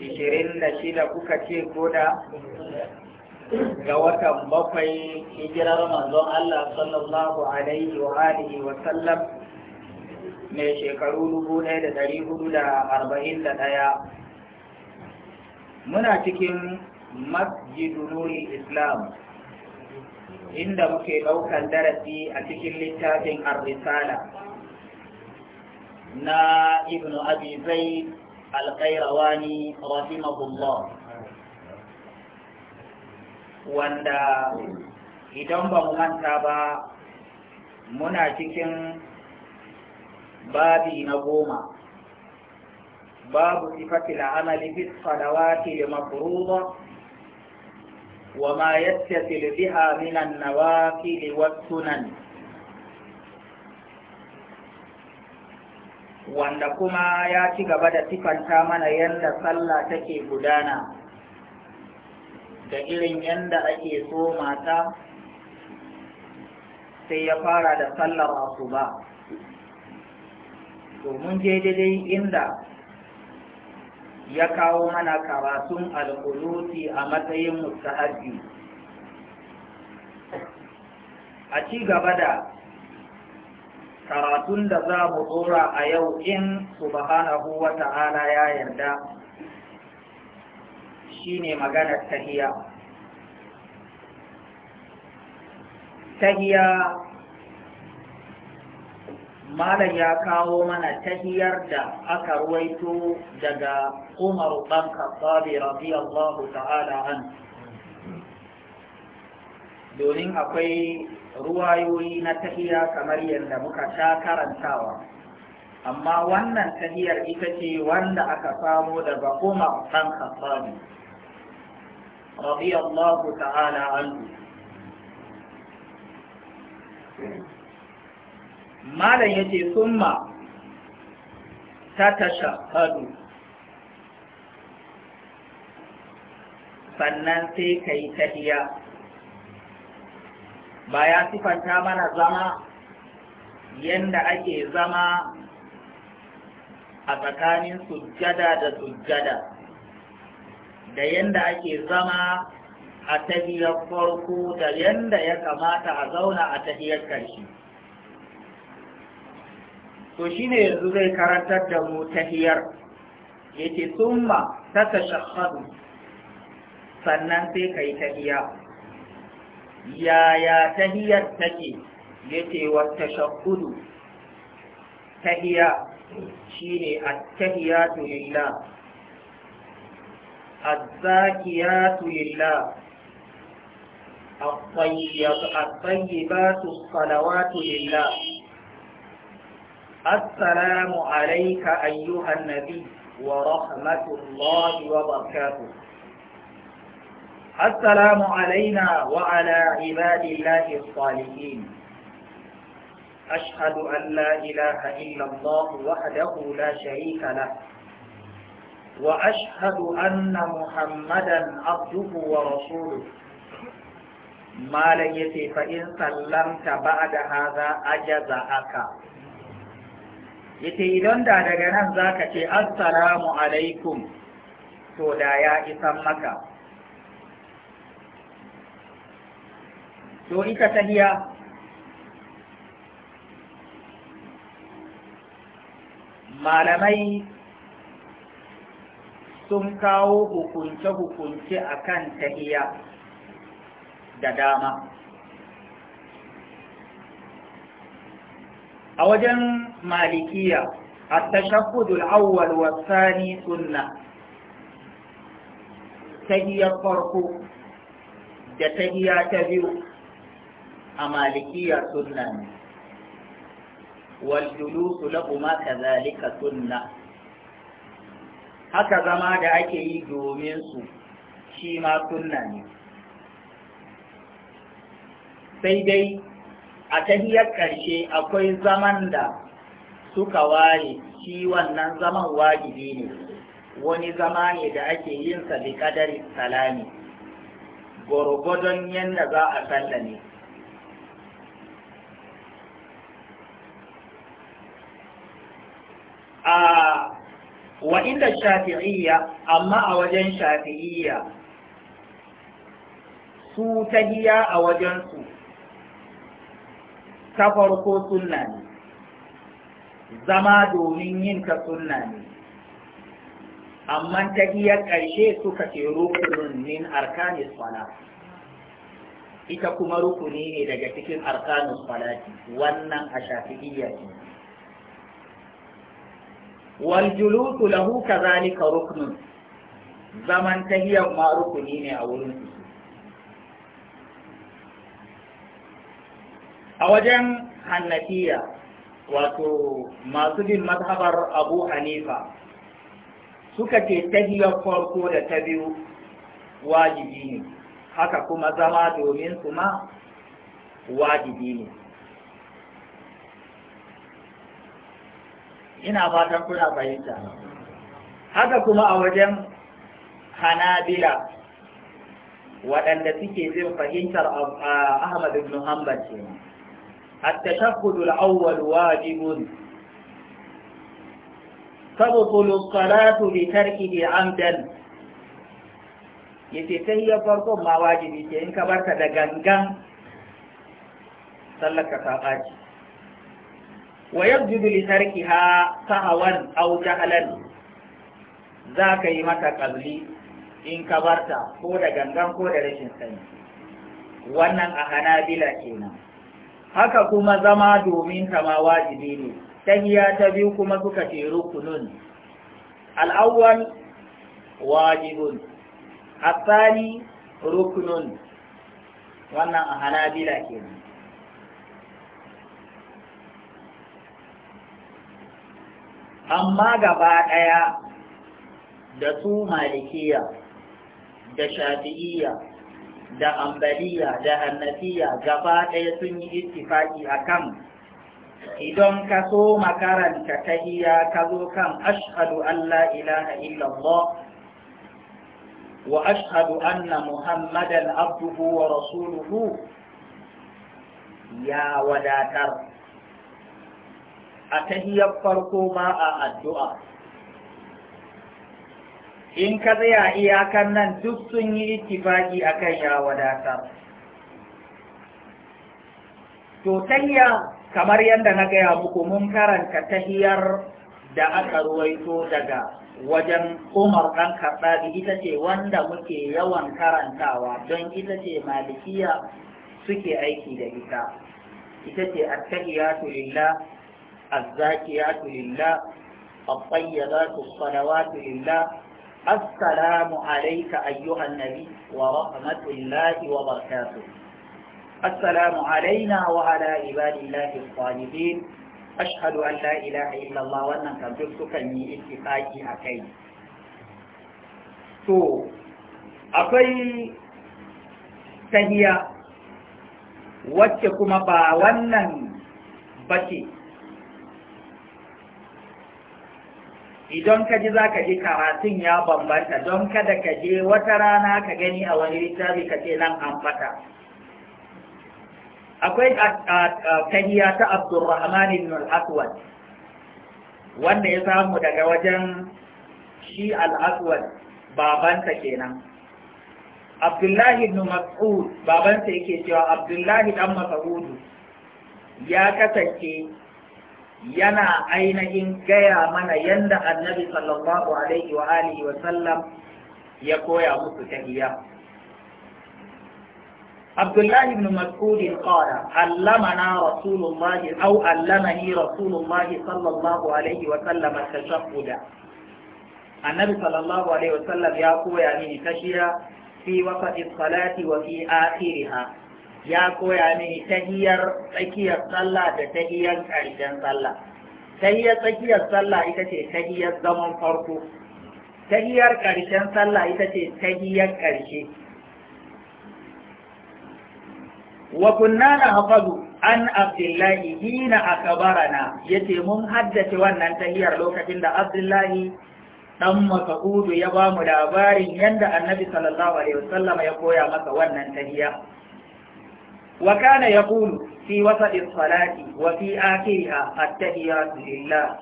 ishirin da shida kuka ce ko da ga watan bakwai hijirar manzon Allah sallallahu alaihi wa alihi wa sallam mai shekaru dubu ɗaya da ɗari hudu da arba'in da ɗaya muna cikin masjidu nuri islam inda muke ɗaukar darasi a cikin littafin arrisala na ibnu abi zaid alƙairawani rahimahullah wanda idan ba mu manta ba muna cikin babi na goma babu sifati amali bis salawati da mafruḍa wa ma yattasil biha minan an-nawafil wasu nan? wanda kuma ya ci gaba da tifanta mana yadda sallah take gudana da irin yadda ake so mata sai ya fara da sallar ba, domin je daidai inda ya kawo mana karatun alkuluti a matsayin mustahabi a ci gaba da karatun da za mu dora a yau in subhanahu wa ta'ala ya yarda shine maganar tahiya tahiya malam ya kawo mana tahiyar da aka ruwaito daga umar ɗan kasabi radiyallahu ta'ala an domin akwai ruwayoyi na tahiya kamar yadda muka sha karantawa amma wannan tahiyar ita ce wanda aka samo daga kuma ɗan Khattabi radiyallahu ta'ala anhu malam yace summa ta tashahadu sannan sai kai tahiya ba ya sifanta mana zama yanda ake zama a tsakanin sujjada da sujjada da yanda ake zama a tahiyar farko da yanda ya kamata a zauna a tahiyar ƙarshe to shine yanzu zai karantar da mu tahiyar yake tsumma ta sannan sai kai tahiyar يا يا تهي التكي يتي والتشقد تهي شيني التهيات لله الزاكيات لله الطيبات الصلوات لله السلام عليك أيها النبي ورحمة الله وبركاته السلام علينا وعلى عباد الله الصالحين أشهد أن لا إله إلا الله وحده لا شريك له وأشهد أن محمدا عبده ورسوله ما ليتي فإن سلمت بعد هذا أجزأك yace idan da daga nan zaka ce assalamu alaikum to da ya isan maka to ita tahiya malamai sun kawo hukunce-hukunce a kan tahiya da dama a wajen malikiya a tashakudul awwal wasani sunna tahiyar farko da tahiya ta biyu a malikiya sunna ne wal ma lahuma kadhalika sunna haka zama da ake yi domin su shi ma sunna ne sai dai a tahiyar ƙarshe akwai zaman da suka waye shi wannan zaman wajibi ne wani zama ne da ake yin sa bi kadari salami gwargwadon yadda za a sallame a wa inda shafi'iyya amma a wajen shafi'iyya su tahiya a wajensu ta farko sunna ne zama domin yin ta sunna ne amma tahiyar ƙarshe suka ce rukunin min arkanis fala ita kuma rukuni ne daga cikin arkanis falati wannan a shafi'iyya ne wal julusu lahu kadhalika ruknun zaman tahiyar ma rukuni ne a wurin su a wajen hannafiya wato masu bin mazhabar abu hanifa suka ce tahiyar farko da ta biyu wajibi ne haka kuma zama domin su ma wajibi ne ina fatan kuna fahimta haka kuma a wajen hanabila waɗanda suke zin fahimtar ahmad ibn hanbal ce التشهد الأول واجب تبطل الصلاة بتركه amdan yace sai ya farko ma wajibi ce in ka barka da gangan sallar ka ta wa yabjudu li tarkiha sahawan aw jahlan za ka yi mata ƙabli in ka barta ko da gangan ko da rashin sani wannan a bila kenan haka kuma zama domin kama ma wajibi ne tahiya ta biyu kuma suka ce rukunun al'awwal wajibun asali rukunun wannan a hanabila kenan amma gaba ɗaya da su malikiya da shafi'iya da ambaliya da hannafiya gaba ɗaya sun yi ittifaki a kan idan ka so makaranta ta iya ka zo kan ashadu Allah ilaha illallah wa ashadu anna muhammadan abduhu wa rasuluhu ya wadatar a tahiyar farko ba a addu'a in ka tsaya iyakan nan duk sun yi ittifaki akan ya wadatar to tahiya kamar yadda na gaya muku mun karanta tahiyar da aka ruwaito daga wajen umar ɗan karɗabi ita ce wanda muke yawan karantawa don ita ce malikiya suke aiki da ita ita ce attahiyatu lillah الزاكيات لله الطيبات الصلوات لله السلام عليك أيها النبي ورحمة الله وبركاته السلام علينا وعلى عباد الله الصالحين أشهد أن لا إله إلا الله وأن كبرتك من اتفاقي أكيد تو أقي تهيأ wacce kuma ba wannan bace idan ka ji za ka ji karatun ya bambanta don kada ka je wata rana ka gani a wani littafi ka ce nan an fata akwai tahiya ta abdurrahman ibn al-aswad wanda ya samu daga wajen shi al-aswad babansa kenan abdullahi ibn mas'ud babansa yake cewa abdullahi dan mas'ud ya kasance yana ainihin gaya mana yanda annabi sallallahu alaihi wa alihi wa sallam ya koya musu tahiyya Abdullahi ibn Mas'ud qala allamana Rasulullah aw allamani Rasulullah sallallahu alaihi wa sallam at-tashahhud Annabi sallallahu alaihi wa sallam ya koya mini tashiya fi waqti salati wa fi akhiriha ya koya mini hiyar tsakiyar sallah da ta hiyar ƙarshen sallah tahiyar tsakiyar sallah ita ce tahiyar zaman farko Ta hiyar ƙarshen sallah ita ce tahiyar ƙarshe wa kunna hafazu an abdullahi hina ya ce mun haddace wannan tahiyar lokacin da abdullahi ɗan mas'udu ya ba mu labarin yadda annabi sallallahu alaihi wasallam ya koya masa wannan tahiya وكان يقول في وسط الصلاة وفي آخرها التحيات لله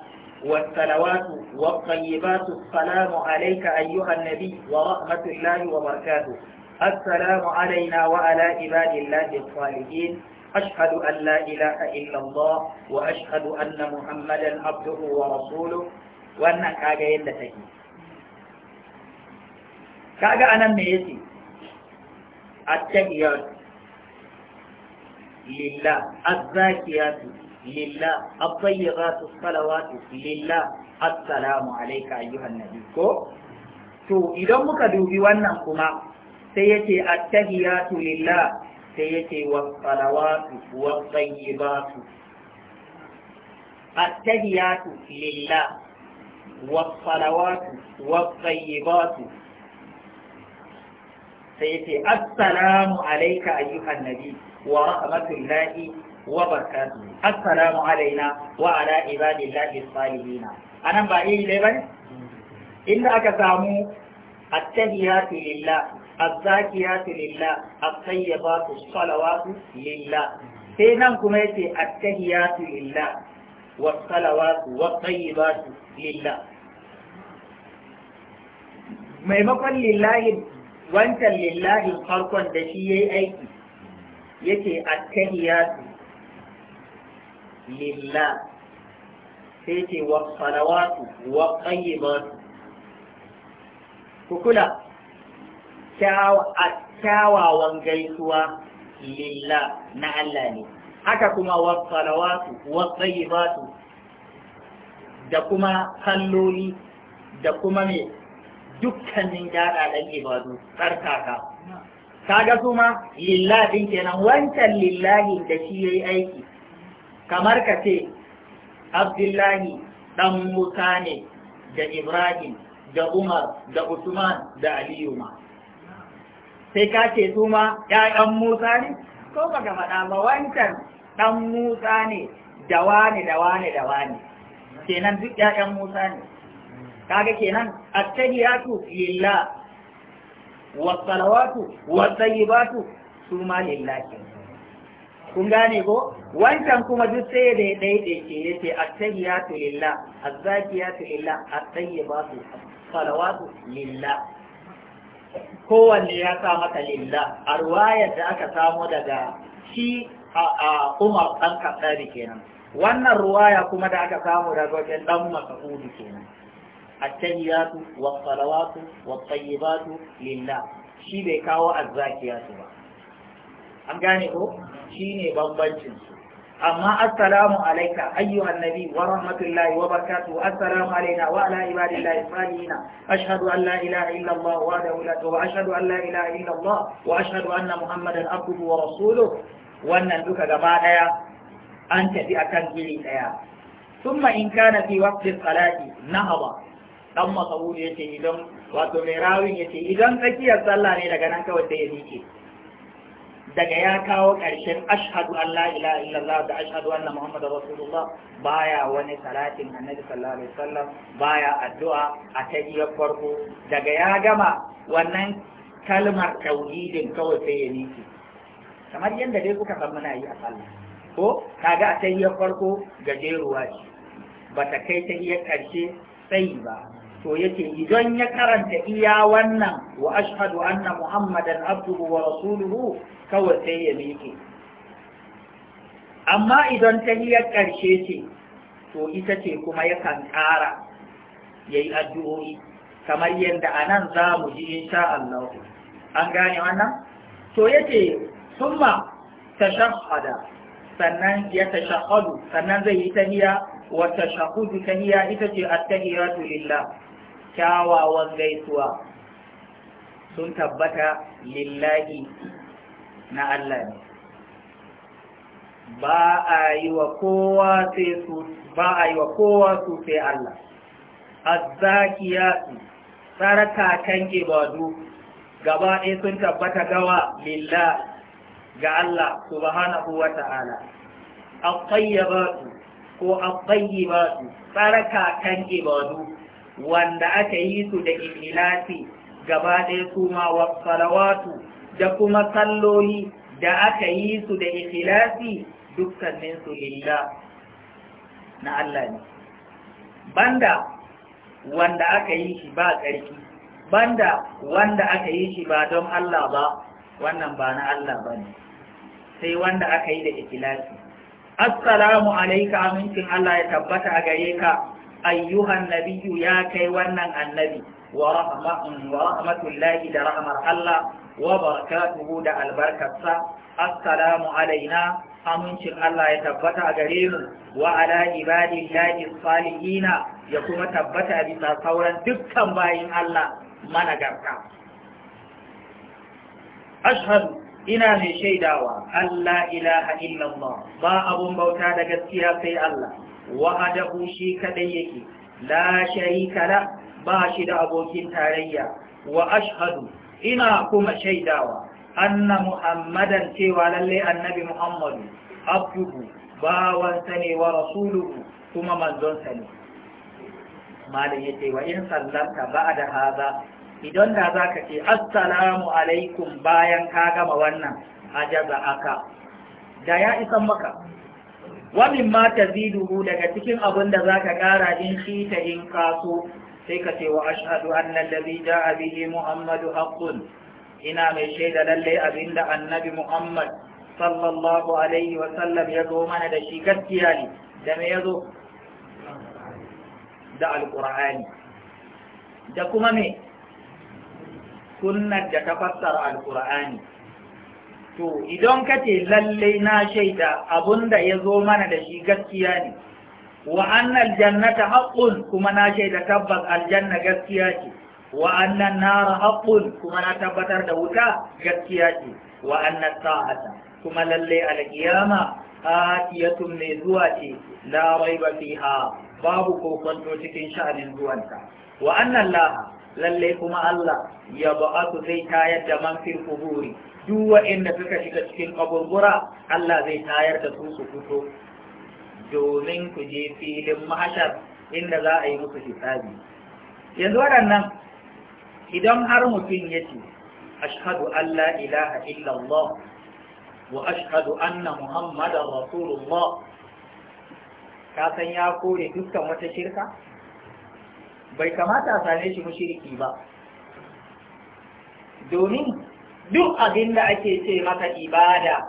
والصلوات والطيبات السلام عليك أيها النبي ورحمة الله وبركاته السلام علينا وعلى عباد الله الصالحين أشهد أن لا إله إلا الله وأشهد أن محمدا عبده ورسوله وأن كاجا يلتهي كاجا أنا ميتي التحيات لله الزاكيات لله الطيبات الصلوات لله السلام عليك أيها النبي كو تو إذا مكدوبي وأنكما سيتي التهيات لله سيتي والصلوات والطيبات التهيات لله والصلوات والطيبات سيتي السلام عليك أيها النبي ورحمة الله وبركاته السلام علينا وعلى عباد الله الصالحين أنا بأي لبن إن أكسامو التهيات لله الزاكيات لله الطيبات الصلوات لله سينام كميتي التهيات لله والصلوات والطيبات لله maimakon lillahi wancan lillahi farkon da shi ya yi aiki yake attahiyatu lillah sai ce wa salawatu wa qayyimatu kukula kyawawan gaisuwa lillah na Allah ne haka kuma wa salawatu wa qayyimatu da kuma kalloli da kuma me dukkanin daɗaɗen ibadu tsarkaka kaga su ma lillahin kenan wancan lillahi da shi yayi aiki kamar ka ce abdullahi dan musa ne da ibrahim da umar da usman da aliyu ma sai ka ce su ma ƴaƴan musa ne ko ga faɗa ba wancan dan musa ne da wani da wani da wani kenan duk ƴaƴan musa ne kaga kenan attahiyatu lillahi wasalawatu wasayibatu su ma lillahi kun gane ko wancan kuma duk sai da ya daidaike ya ce attahiyatu lillah azzakiyatu lillah at-tayyibatu salawatu lillah kowanne ya sa maka lillah a da aka samo daga shi a Umar ɗan Kaddari kenan wannan ruwaya kuma da aka samu daga wajen ɗan Masudi kenan attahiyatu wa salawatu wa tayyibatu lillah shi bai kawo azzakiyatu ba an gane ko shine bambancin su amma assalamu alaika ayyuhan nabi wa rahmatullahi wa barakatuhu assalamu alaina wa ala ibadillahi salihin ashhadu an la allah wa la wa ashhadu an la ilaha illa allah wa ashhadu muhammadan wannan duka gaba daya an tafi akan iri daya ثم إن كان في وقت الصلاة نهض dan masauri yace idan wato mai rawin yace idan tsakiyar sallah ne daga nan kawai sai ya miƙe daga ya kawo ƙarshen ashhadu an la ilaha illallah da ashhadu anna muhammadar rasulullah baya wani salatin annabi sallallahu alaihi wasallam baya addu'a a tahiyar farko daga ya gama wannan kalmar tauhidin kawai sai ya miƙe kamar yadda dai kuka san muna yi a sallah ko kaga a tahiyar farko gajeruwa ce ta kai tahiyar ƙarshe sai ba to yace idan ya karanta iya wannan wa ashhadu anna muhammadan abduhu wa rasuluhu kawai sai ya miƙe amma idan ta hiyar ƙarshe ce to ita ce kuma yakan ƙara ya yi addu'o'i kamar yadda a nan za mu ji insha Allah an gane wannan to yace summa tashahhada sannan ya tashahhadu sannan zai yi tahiya wa ta tahiya ita ce at lillah kyawawan gaisuwa sun tabbata lillahi na Allah ne ba a yi wa kowa su sai Allah azzakiyatu saraka kan ibadu gaba ɗaya sun tabbata gawa lillah ga Allah subhanahu wa ta'ala aqayyabatu ko aqayyibatu saraka kan ibadu wanda aka yi su da ikhlasi gaba ɗaya kuma wa salawatu da kuma salloli da aka yi su da ikhlasi dukkanin su lillah na Allah ne banda wanda aka yi shi ba ƙarfi banda wanda aka yi shi ba don Allah ba wannan ba na Allah ba ne sai wanda aka yi da ikhlasi assalamu alaika amincin Allah ya tabbata a gare ka ayyuhan nabiyyu ya kai wannan annabi wa rahmatullahi da rahmar Allah wa barakatuhu da albarkarsa assalamu alaina amincin Allah ya tabbata a gare mu wa ala ibadillahi salihina ya kuma tabbata bisa sauran dukkan bayin Allah garka ashhadu ina mai shaidawa Allah ilaha illallah ba abun bauta da gaskiya sai Allah wahadahu shi kadai yake la sharika la ba shi da abokin tarayya wa ashhadu ina kuma shaidawa anna muhammadan cewa lalle annabi muhammadu abduhu bawansa ne wa rasuluhu kuma manzonsa ne malam ya ce wa in sallamta da haza idan da za ka ce assalamu alaikum bayan ka gama wannan ajaza aka da ya isan maka wa mimma taziduhu daga cikin abin da zaka kara in shi ta in kaso sai ka ce wa ashhadu anna allazi a bihi muhammadu haqqun ina mai shaida lalle abinda annabi muhammad sallallahu alaihi wa sallam ya zo mana da shi gaskiya ne da me ya zo da alqur'ani da kuma me sunnar da ta fassara alqur'ani to idan ka ce lallai na shaida abun da ya zo mana da shi gaskiya ne wa annal jannata haqqun kuma na shaida tabbas aljanna gaskiya ce wa annan nara haqqun kuma na tabbatar da wuta gaskiya ce wa annas sa'ata kuma lallai alqiyama atiyatun mai zuwa ce la raiba fiha babu kwanto cikin sha'anin zuwanta wa annan laha lallai kuma Allah ya ba'atu zai tayar da man fil duk waɗanda suka shiga cikin kaburbura Allah zai tayar da su su fito domin ku je filin mahashar inda za a yi musu hisabi yanzu waɗannan idan har mutum ya ce ashhadu an la ilaha illallah wa ashhadu anna muhammadan rasulullah ka san ya kore dukkan wata shirka bai kamata a same shi mushriki ba domin duk abin da ake ce maka ibada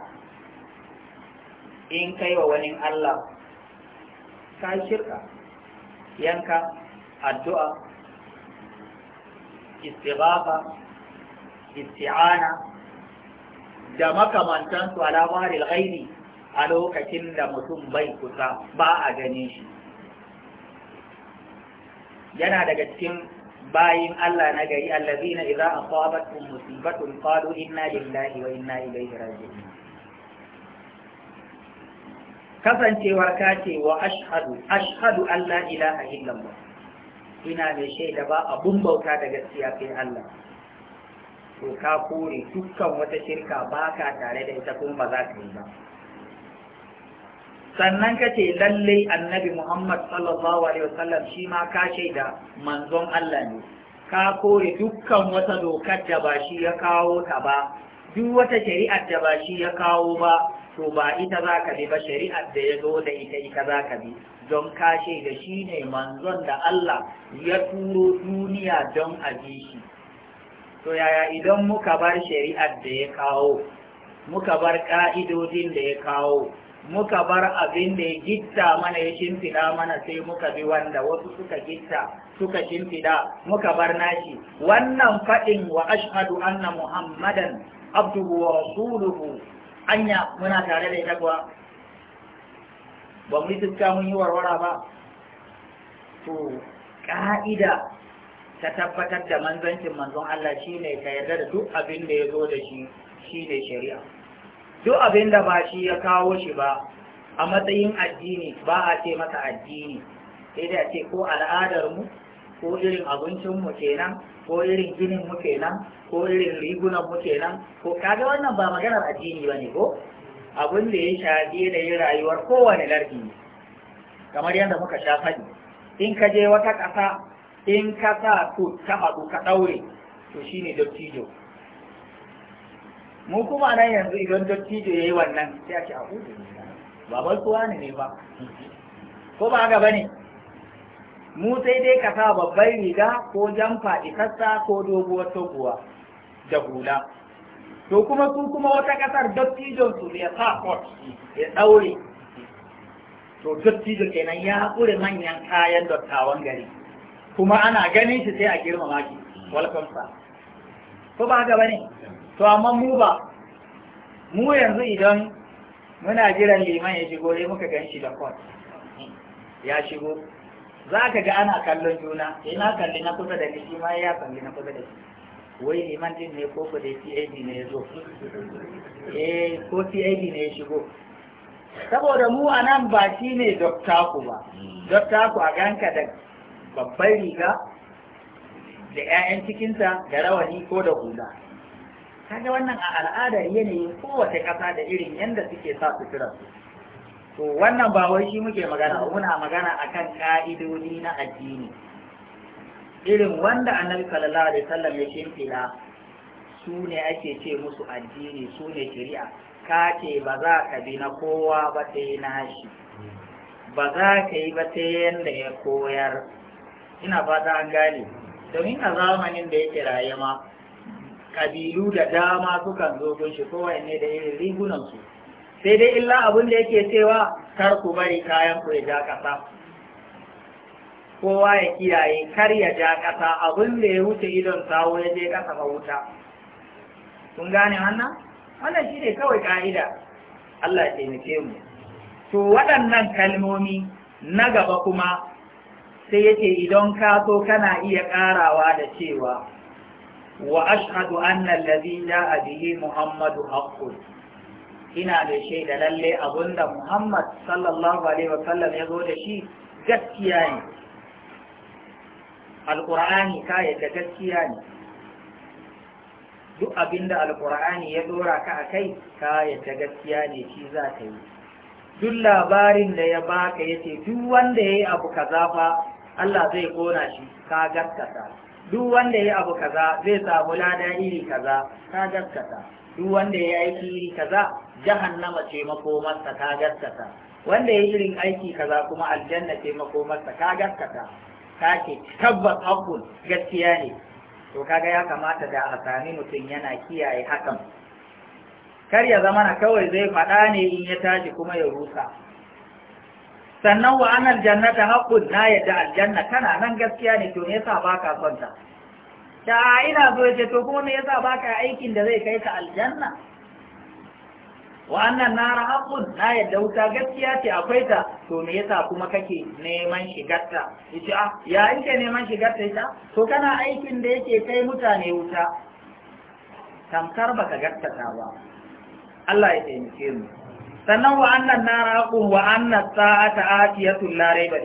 in kai wa wani Allah ka shirka yanka addu'a istighafa isti'ana da makamantansu alamaril ghaini a lokacin da mutum bai kusa ba a ganin shi yana daga cikin bayin Allah na gari allazina idza asabatkum musibatun qalu inna lillahi wa inna ilaihi raji'un kasancewar ka ce wa ashhadu ashhadu an la ilaha illallah ina mai shaida ba abun bauta da gaskiya sai Allah to ka kore dukkan wata shirka baka tare da ita kuma ba za ka yi ba sannan kace ce lallai annabi Muhammad sallallahu alaihi wasallam shi ma ka shaida manzon Allah ne ka kore dukkan wata dokar da ba shi ya kawo ta ba duk wata shari'ar da ba shi ya kawo ba to ba ita za ka bi ba shari'ar da ya zo da ita ita za ka bi don ka da shi ne manzon da Allah ya turo duniya don a ji shi to yaya idan muka bar shari'ar da ya kawo muka bar ƙa'idodin da ya kawo muka bar abin da ya gitta mana ya shimfida mana sai muka bi wanda wasu suka gitta suka shimfida muka bar nashi wannan faɗin wa ashhadu anna muhammadan abduhu wa rasuluhu anya muna tare da ita kuwa ba mu yi tuska mun yi warwara ba to ka'ida ta tabbatar da manzancin manzon Allah shine ka yarda da duk abin da ya zo da shi shine shari'a duk abin da ba shi ya kawo shi ba a matsayin addini ba a ce mata addini sai da ce ko al'adarmu ko irin abincinmu kenan ko irin gininmu kenan ko irin rigunanmu kenan ko kaga wannan ba maganar addini ba ne ko abin da ya shafi da yin rayuwar kowane lardi kamar yadda muka sha fadi in ka je wata ƙasa in ka sa ku ta haɗu ka ɗaure to shine dattijo mu kuma nan yanzu idan dattijo ya yi wannan sai a ce a hudu baban suwa ne ne ba ko ba haka ba ne mu sai dai ka sa babban riga ko jamfa ikasta ko doguwar toguwa da hula to kuma su kuma wata kasar dattijon su ya sa kot ya daure to dattijo kenan ya kure manyan kayan dattawan gari kuma ana ganin shi sai a girmama ki welcome sa. ko ba haka bane to amma mu ba mu yanzu idan muna jiran liman ya shigo dai muka gan shi da kwan ya shigo za ka ga ana kallon juna sai na kalli na kusa da ni shi ma ya kalli na kusa da shi wai liman din ne ko ko da CID ne ya zo eh ko CID ne ya shigo saboda mu a nan ba shi ne dokta ku ba dokta ku a ganka da babbar riga da 'ya'yan cikinta da rawani ko da hula kaga wannan a al'adar yanayin kowace kasa da irin yadda suke sa suturar to wannan ba wai shi muke magana muna magana akan ka'idodi na addini irin wanda annabi sallallahu da wasallam ya shimfila su ne ake ce musu addini su ne shari'a ka ce ba za ka bi na kowa ba sai na shi ba za ka yi ba sai yadda ya koyar ina fata an gane domin a zamanin da yake raye ma kabilu da dama sukan zo gun shi kowa ne da irin rigunan sai dai illa abin da yake cewa kar ku bari kayan ku ya ja kasa kowa ya kiyaye kar ya ja kasa abin da ya wuce idon sawo ya je kasa ba wuta kun gane wannan wannan shine kawai ka'ida Allah ya taimake mu to waɗannan kalmomi na gaba kuma sai yake idan ka so kana iya ƙarawa da cewa وأشهد أن الذي جاء به محمد حق ina da shaida lalle abinda Muhammad sallallahu alaihi wa sallam ya zo da shi gaskiya ne al alqur'ani ka yadda gaskiya ne duk abinda al alqur'ani ya dora ka akai ka yadda gaskiya ne shi za ka yi duk labarin da ya baka yace duk wanda yayi abu kaza fa Allah zai kona shi ka gaskata duk wanda ya abu kaza zai samu lada iri kaza ta gaskata duk wanda ya yi iri kaza jahannama ce makomarsa ta gaskata wanda ya irin aiki kaza kuma aljanna ce makomarsa ta gaskata ta ce tabbas hakun gaskiya ne to kaga ya kamata da a sami mutum yana kiyaye hakan kar ya zama na kawai zai faɗa ne in ya tashi kuma ya rusa sannan wa annal jannata haqqun na yadda aljanna kana nan gaskiya ne to sa yasa baka son ta ta ina so yace to kuma me yasa baka aikin da zai kai ka aljanna wa na nara haqqun na yadda wuta gaskiya ce akwai ta to me yasa kuma kake neman shigarta yace ah ya ke neman shigarta ita to kana aikin da yake kai mutane wuta tamkar baka gaskata ba Allah ya taimake mu sannan wa annan na aqun wa annas sa'ata atiyatun la ba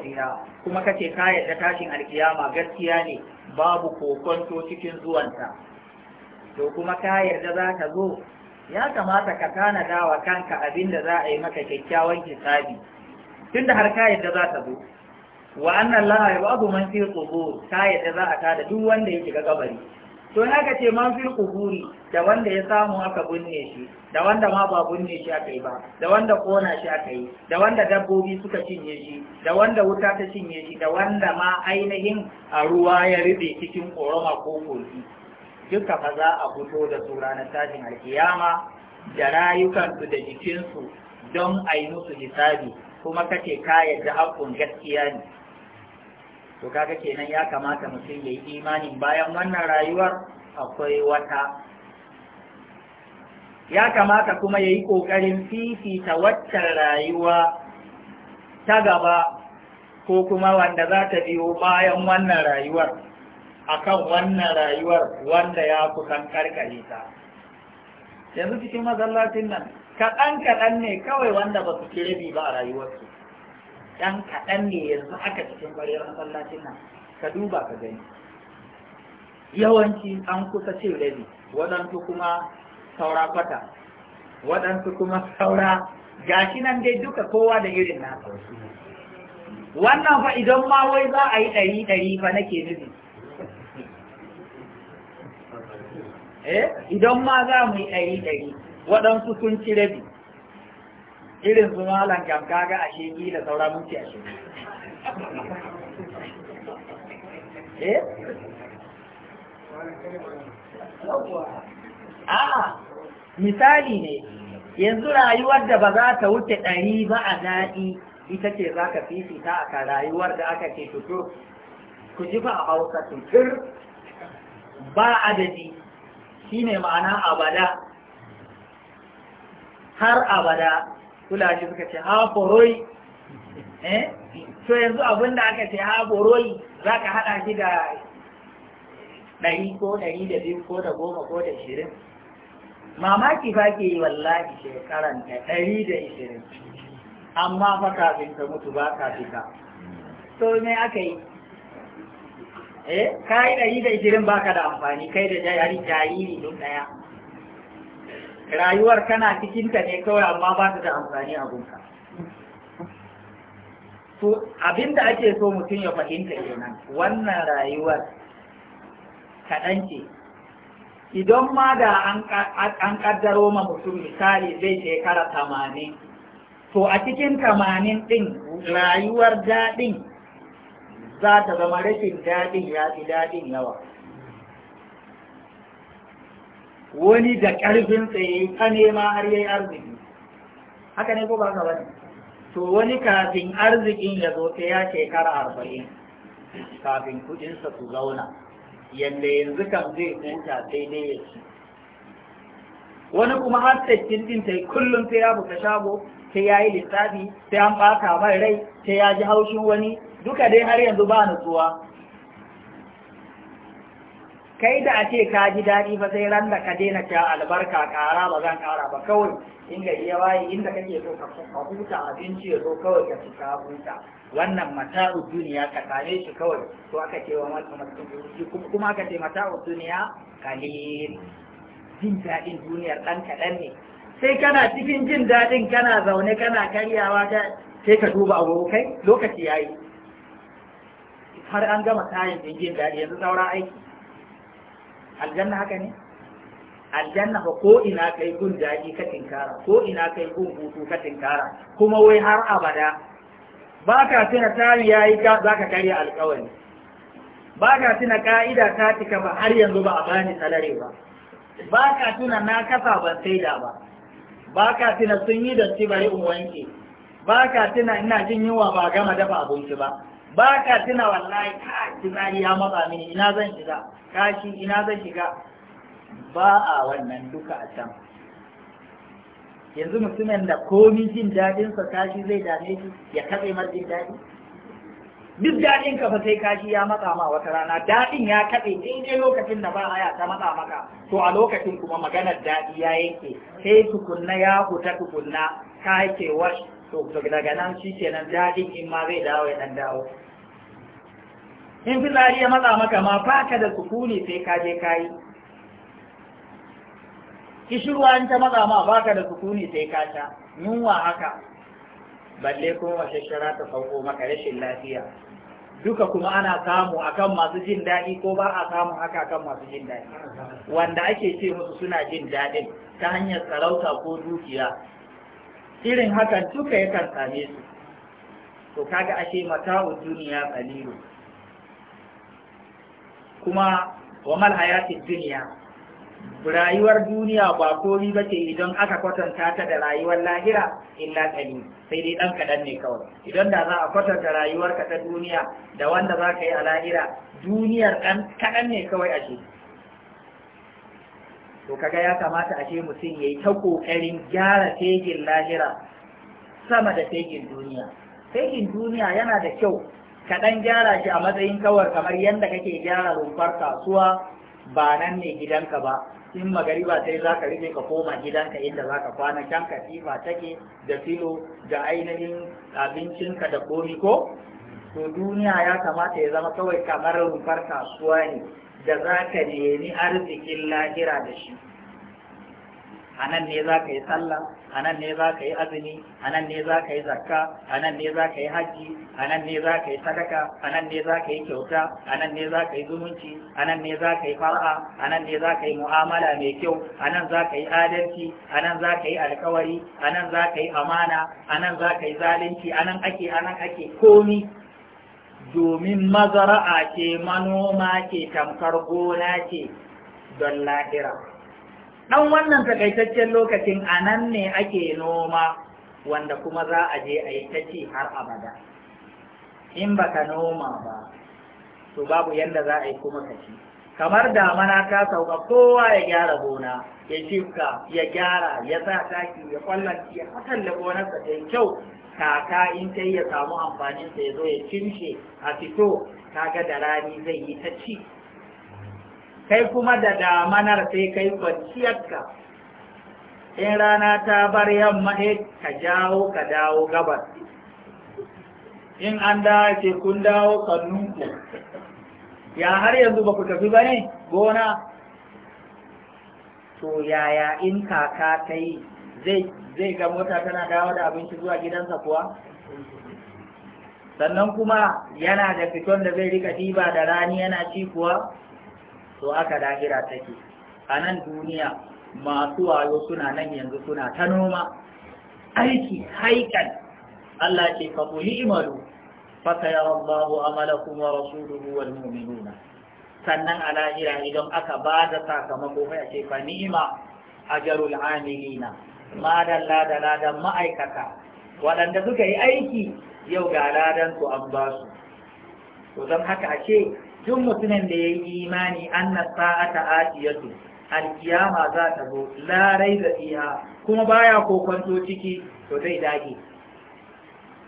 kuma kace ka yadda tashin alkiyama gaskiya ne babu kokonto cikin zuwanta to kuma ka yarda za ka zo ya kamata ka tana dawa kanka abin da za a yi maka kyakkyawan hisabi tunda har ka yarda za ta zo wa annan la ya'budu man fi tsoho ka yarda za a tada duk wanda ya shiga gabari. to na ka ce man fil da wanda ya samu aka binne shi da wanda ma ba binne shi aka yi ba da wanda kona shi aka yi da wanda dabbobi suka cinye shi da wanda wuta ta cinye shi da wanda ma ainihin a ruwa ya rube cikin koroma ko kogi duka fa za a fito da su ranar tashin alkiyama da rayukansu da jikinsu don a yi musu hisabi kuma kake ka yadda hakkun gaskiya ne to kaga kenan ya kamata mutum ya yi imanin bayan wannan rayuwar akwai wata ya kamata kuma ya yi ƙoƙarin fifita waccan rayuwa ta gaba ko kuma wanda za ta biyo bayan wannan rayuwar akan wannan rayuwar wanda ya kusan karkare ta yanzu cikin masallacin nan kaɗan kaɗan ne kawai wanda ba su kire ba a rayuwarsu ɗan kaɗan ne yanzu aka cikin ƙwarewar masallacin nan ka duba ka gani yawanci an kusa ce rabi waɗansu kuma saura kwata waɗansu kuma saura gashi nan dai duka kowa da irin na wannan fa idan ma wai za a yi ɗari ɗari fa nake nufi eh idan ma za mu yi ɗari ɗari waɗansu sun ci rabi irin su malan kam kaga a shegi da saura muke a shegi eh a'a misali ne yanzu rayuwar da ba za ta wuce ɗari ba a daɗi ita ce za ka fifita a ka rayuwar da aka ce tutur ku ji ba a hausa tutur ba adadi shi ne ma'ana abada har abada shi suka ce ha boroi eh to yanzu abin da aka ce ha boroi za ka haɗa shi da ɗari ko ɗari da biyu ko da goma ko da ishirin mamaki fa ke yi wallahi shekaran ta ɗari da ishirin amma fa kafin ka mutu ba ka fita to me aka yi eh ka yi ɗari da ishirin ba ka da amfani kai da jariri don ɗaya rayuwar kana cikinta ne kawai amma ba ta da amfani a gunka to abinda ake so mutum ya fahimta kenan wannan rayuwar kaɗan ce idan ma da an ƙaddaro ma mutum misali zai shekara tamanin to a cikin tamanin ɗin rayuwar daɗin za ta zama rashin daɗin ya fi daɗin yawa wani da ƙarfin tsaye ta nema har yayi arziki haka ne ko ba ka ne? to wani kafin arzikin ya zo ta ya shekara arba'in kafin kuɗinsa su zauna yadda yanzu kan zai huta sai dai ya ci wani kuma har tattin din ta kullum sai ya buka shago sai ya yi lissafi sai an ɓata mai rai sai ya ji haushin wani duka dai har yanzu ba nutsuwa kai da ake ka ji daɗi ba sai ran da ka daina ta albarka ƙara ba zan ƙara ba kawai inda iya waye inda kake so ka huta abinci ya zo kawai ka ci ka huta wannan mata'u duniya ka same shi kawai to aka ce wa kuma aka ce mata'u duniya kalil jin daɗin duniyar ɗan kaɗan ne sai kana cikin jin daɗin kana zaune kana karyawa sai ka duba abokai lokaci ya yi har an gama kayan jin daɗi yanzu saura aiki aljanna haka ne aljanna fa ko ina kai gun daɗi ka tinkara ko ina kai gun hutu ka tinkara kuma wai har abada ba ka tuna tari ya yi za ka karya alkawari ba ka tuna ka'ida ta cika ba har yanzu ba a bani salare ba ba ka tuna na kasa ban saida ba ba ka tuna sun yi da bari in wanke ba ka tuna ina jin yunwa ba gama dafa abinci ba ba ka tuna wallahi ka tunani ya matsa mini ina zan shiga kashi ina zan shiga ba a wannan duka a can yanzu mutumin da komi jin sa kashi zai dame shi ya katse mar jin daɗi duk daɗin ka fa sai kashi ya matsa ma wata rana daɗin ya katse daidai lokacin da ba haya ta matsa maka to a lokacin kuma maganar daɗi ya yanke sai tukunna ya huta tukunna ka yake wash to daga nan shi kenan daɗin in ma zai dawo ya ɗan dawo in fitsari ya matsa maka ma faka da sukuni sai ka je yi. kishirwa in ta matsa ma baka da sukuni sai ka sha yunwa haka balle kuma wa shara ta sauko maka rashin lafiya duka kuma ana samu akan masu jin daɗi ko ba a samu haka akan masu jin daɗi wanda ake ce musu suna jin daɗin ta hanyar sarauta ko dukiya irin hakan duka yakan same su to kaga ashe mata'u duniya qalilu kuma wa mal hayatid rayuwar duniya ba komi ba ce idan aka kwatanta ta da rayuwar lahira illa kali sai dai ɗan kaɗan ne kawai idan da za a kwatanta rayuwarka ta duniya da wanda za ka yi a lahira duniyar ɗan kaɗan ne kawai a ce to kaga ya kamata a ce mutum ya yi ta ƙoƙarin gyara fegin lahira sama da fegin duniya fegin duniya yana da kyau ka dan gyara shi a matsayin kawar kamar yadda kake gyara rumfar kasuwa ba nan ne gidanka ba in ba sai za ka rufe ka koma gidanka inda za ka kwana can katifa take da filo da ainihin abincinka da komi ko to duniya ya kamata ya zama kawai kamar rumfar kasuwa ne da za ka nemi arzikin lahira da shi a nan ne za ka yi sallah a nan ne za ka yi azumi a nan ne za ka yi zakka a nan ne za ka yi hajji a nan ne za ka yi sadaka a nan ne za ka yi kyauta a nan ne za ka yi zumunci a nan ne za ka yi fara'a a nan ne za ka yi mu'amala mai kyau a nan za ka yi adalci a nan za ka yi alkawari a nan za ka yi amana a nan za ka yi zalunci a nan ake a nan ake komi domin mazara'a ce manoma ce tamkar gona ce don lahira. ɗan wannan takaitaccen lokacin a nan ne ake noma wanda kuma za a je a yi ta ci har abada in baka noma ba to babu yadda za a yi kuma ka ci kamar damana ta sauka kowa ya gyara gona ya shuka ya gyara ya sa taki ya kwallanci ya hakan gonarsa ta yi kyau kaka in kai ya samu amfaninsa ya zo ya cimshe a fito kaga da rani zai yi ta ci kai kuma da damanar sai kai kwanciyarka in rana ta bar yamma ka jawo ka dawo gabas in an dace kun dawo kannunku ya har yanzu ba ku tafi ba ne gona to yaya in kaka ta yi zai ga mota tana dawo da abinci zuwa gidansa kuwa sannan kuma yana da fiton da zai rika ba da rani yana ci kuwa to aka lahira take a nan duniya masu wayo suna nan yanzu suna ta noma aiki haikal Allah ce fa kuli imalu fa sayara Allahu amalakum wa rasuluhu wal mu'minuna sannan a lahira idan aka ba da sakamako ya ce fa ni'ima ajarul amilina ma da ladan ma'aikata waɗanda suka yi aiki yau ga ladan su an ba to don haka a ce duk mutumin da ya yi imani na sa'ata atiyatu alkiyama za ta zo larai da iya kuma baya kokonto ciki to zai dage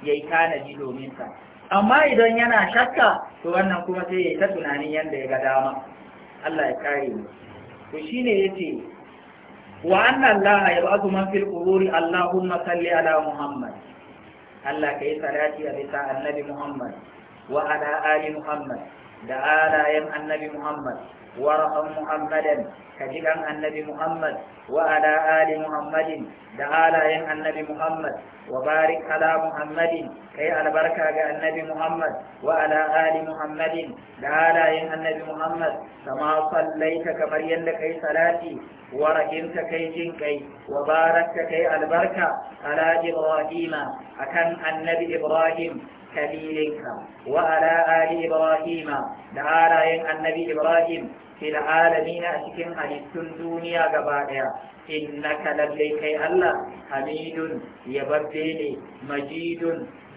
ya yayi ji domin sa amma idan yana shakka to wannan kuma sai yayi ta tunanin yadda ya ga dama Allah ya kare mu to ya ce. wa ya ba yab'athu man fil quburi Allahumma salli ala Muhammad Allah ka yi salati a bisa annabi Muhammad wa ala ali Muhammad da alayen annabi muhammad wa rahon muhammadin ka jigan annabi muhammad wa ali muhammadin da alayen annabi muhammad wabarik bari ala muhammadin ka albarka ga annabi muhammad wa ala ali muhammadin da alayen annabi muhammad da masan kamar yadda ka yi salati wa rahimta ka yi jin kai wa barakta ka yi albarka ala ibrahima akan annabi ibrahim سبيلك وعلى آل إبراهيم دعا النبي إبراهيم في العالمين أتكن أجدت الدنيا قبائع إنك لديك الله حميد يبديني مجيد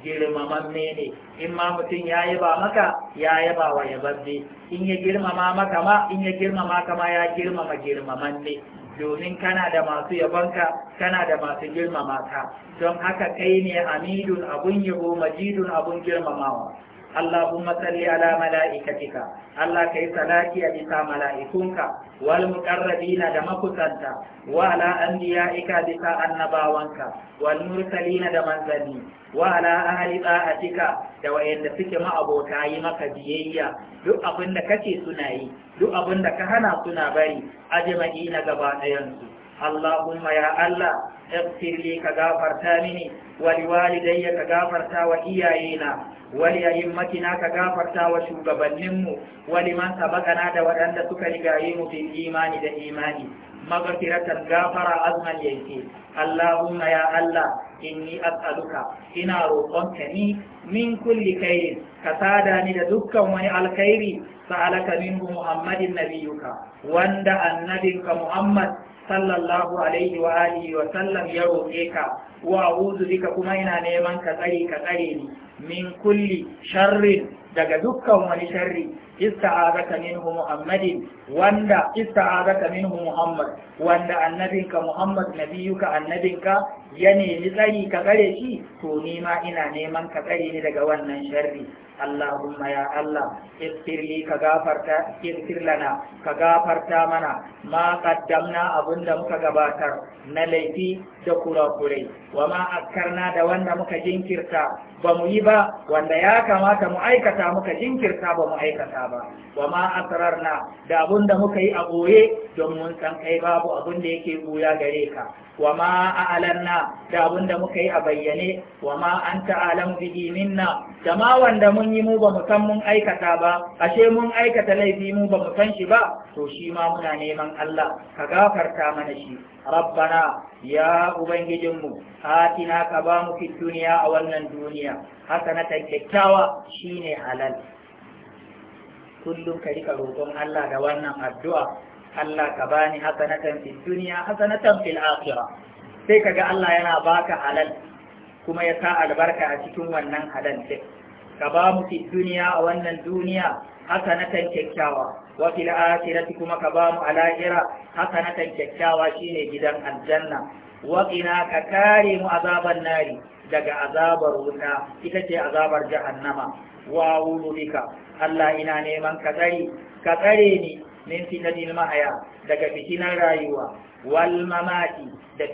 girmamamme ne in ma mutum ya yaba maka ya yabawa wa yababbe in ya girmama maka ma in ya girmama kama ya girmama ne. domin kana da masu yabonka kana da masu girmama ka don haka kai ne amidun abun yabo majidun abun girmamawa Allah Allahumma salli ala mala’ikatika, Allah ka yi salati a bisa mala’ikunka, wal muƙarrabina da makusanta, wa ala an biya’ika bisa annabawanka, wal mursalina da manzanni, wa ala an hali tsa’atika da wa’yanda suke ma’abota yi maka biyayya, duk abinda da kake suna yi, duk abin da ka hana suna bari, ajima’i na gaba yanzu. Allahumma ya Allah ighfirli ka gafarta mini wali liwalidayya ka gafarta wa iyayena wa makina ka gafarta wa shugabanninmu wali liman sabaqana da waɗanda suka rigaye mu fil imani da imani magafiratar gafara azman yake Allahumma ya Allah inni as'aluka ina roƙonka ni min kulli khairin ka sada ni da dukkan wani alkhairi sa'alaka minhu Muhammadin nabiyuka wanda annabinka Muhammad sallallahu alaihi wa alihi wa sallam ya roƙe ka wa a'udhu bika kuma ina neman ka tsare ka tsare ni min kulli sharrin daga dukkan wani sharri ista'azaka minhu muhammadin wanda ista'azaka minhu muhammad wanda annabinka muhammad nabiyuka annabinka ya nemi tsari ka tsare shi to ni ma ina neman ka tsare ni daga wannan sharri اللهم يا الله اغفر لي كغافرتا اغفر لنا كغافرتا منا ما قدمنا أبن دمك غباتر نليتي da kurakurai wa ma da wanda muka jinkirta ba mu yi ba wanda ya kamata mu aikata muka jinkirta ba mu aikata ba wa ma asrarna da abun da muka yi a boye don mun san kai babu abun da yake buya gare ka wa ma da abun da muka yi a bayyane wa ma anta alamu bihi minna da ma wanda mun yi mu ba mu san mun aikata ba ashe mun aikata laifi mu ba mu san shi ba to shi ma muna neman Allah ka gafarta mana shi rabbana ya ubangijinmu atina ka ba mu fit duniya a wannan duniya hasanatan kyakkyawa shine halal kullum ka rika roƙon Allah da wannan addu'a Allah ka bani hasanatan fit duniya hasanatan fil akhirah sai kaga Allah yana baka halal kuma ya sa albarka a cikin wannan halal din ka ba mu fit duniya a wannan duniya hasanatan kyakkyawa wa fil akhirati kuma ka bamu ba haka na kan kyakkyawa shine gidan aljanna wa qina ka kare mu azaban nari daga azabar wuta ita ce azabar jahannama wa wulubika Allah ina neman ka tsare ka tsare ni min fitanin mahaya daga fitinar rayuwa wal mamati da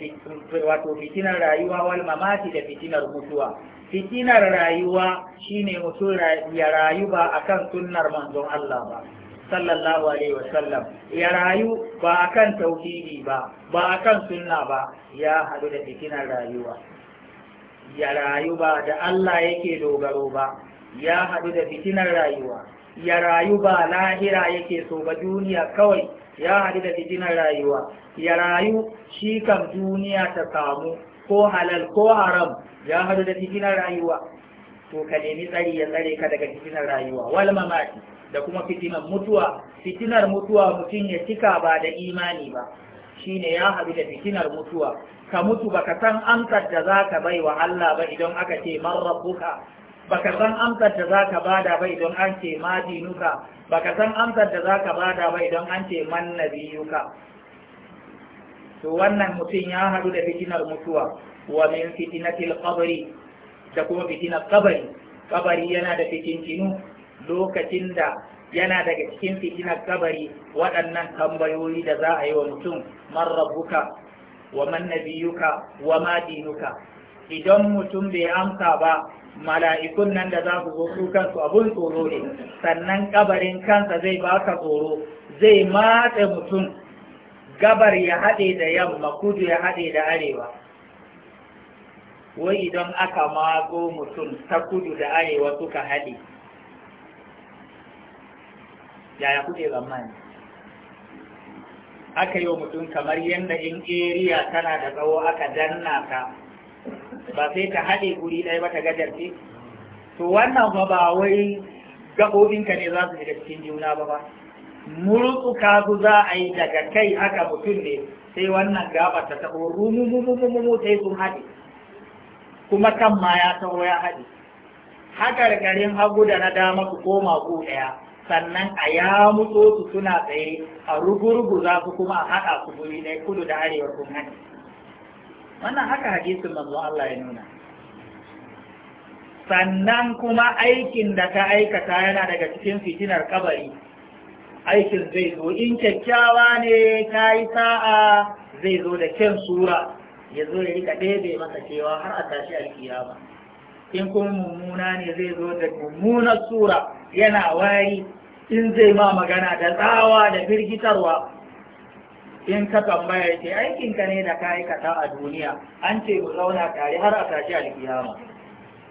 wato fitinar rayuwa wal mamati da fitinar mutuwa fitinar rayuwa shine mutum ya rayu ba akan sunnar manzon Allah ba sallallahu alaihi wasallam ya rayu ba kan tauhidi ba ba akan sunna ba ya haɗu da fitinar rayuwa ya rayu ba da Allah yake dogaro ba ya haɗu da fitinar rayuwa ya rayu ba lahira yake so ba duniya kawai ya haɗu da fitinar rayuwa ya rayu shi kan duniya ta samu ko halal ko haram ya haɗu da fitinar rayuwa to ka tsari ya tsare ka daga fitinar rayuwa wal mamaki da kuma fitinar mutuwa fitinar mutuwa mutum ya cika ba da imani ba shine ya haɗu da fitinar mutuwa ka mutu baka san amsar da zaka bai wa Allah ba idan aka ce man rabbuka baka san amsar da zaka bada ba idan an ce ma dinuka baka san amsar da zaka bada ba idan an ce man nabiyuka to wannan mutum ya haɗu da fitinar mutuwa wa min fitinatil qabri da kuma fitinar qabri qabri yana da fitintinu lokacin da yana daga cikin fitinar kabari waɗannan tambayoyi da za a yi wa mutum man rabbuka wa man nabiyuka wa ma dinuka idan mutum bai amsa ba mala'ikun nan da za su zo su kansu abun tsoro ne sannan kabarin kansa zai baka tsoro zai matse mutum gabar ya haɗe da yamma kudu ya haɗe da arewa wai idan aka mago mutum ta kudu da arewa suka haɗe yaya kuke zamani aka yi wa mutum kamar yadda in eriya tana da tsawo aka danna ka ba sai ta haɗe guri ɗaya ba ta gajarce to wannan ba ba wai gaɓoɓinka ne za su shiga cikin juna ba ba ka su za a yi daga kai haka mutum ne sai wannan gabar ta taɓo rumumumumumu sai sun haɗe kuma kan ma ya taɓo ya haɗe haka garin hagu da na dama ku koma ku ɗaya sannan a ya mutu su suna tsaye a za su kuma a haɗa su guri ɗaya kudu da arewa kun hannu. wannan haka hadisin manzo Allah ya nuna sannan kuma aikin da ka aikata yana daga cikin fitinar kabari aikin zai zo in kyakkyawa ne ta yi sa'a zai zo da kyan sura ya zo ya rika ɗebe masa cewa har a tashi alkiyama in kuma mummuna ne zai zo da mummunar sura yana wari in zai ma magana da tsawa da firgitarwa in ka tambaya ce aikinka ne da ka kata a duniya an ce mu zauna tare har a tashi alkiyama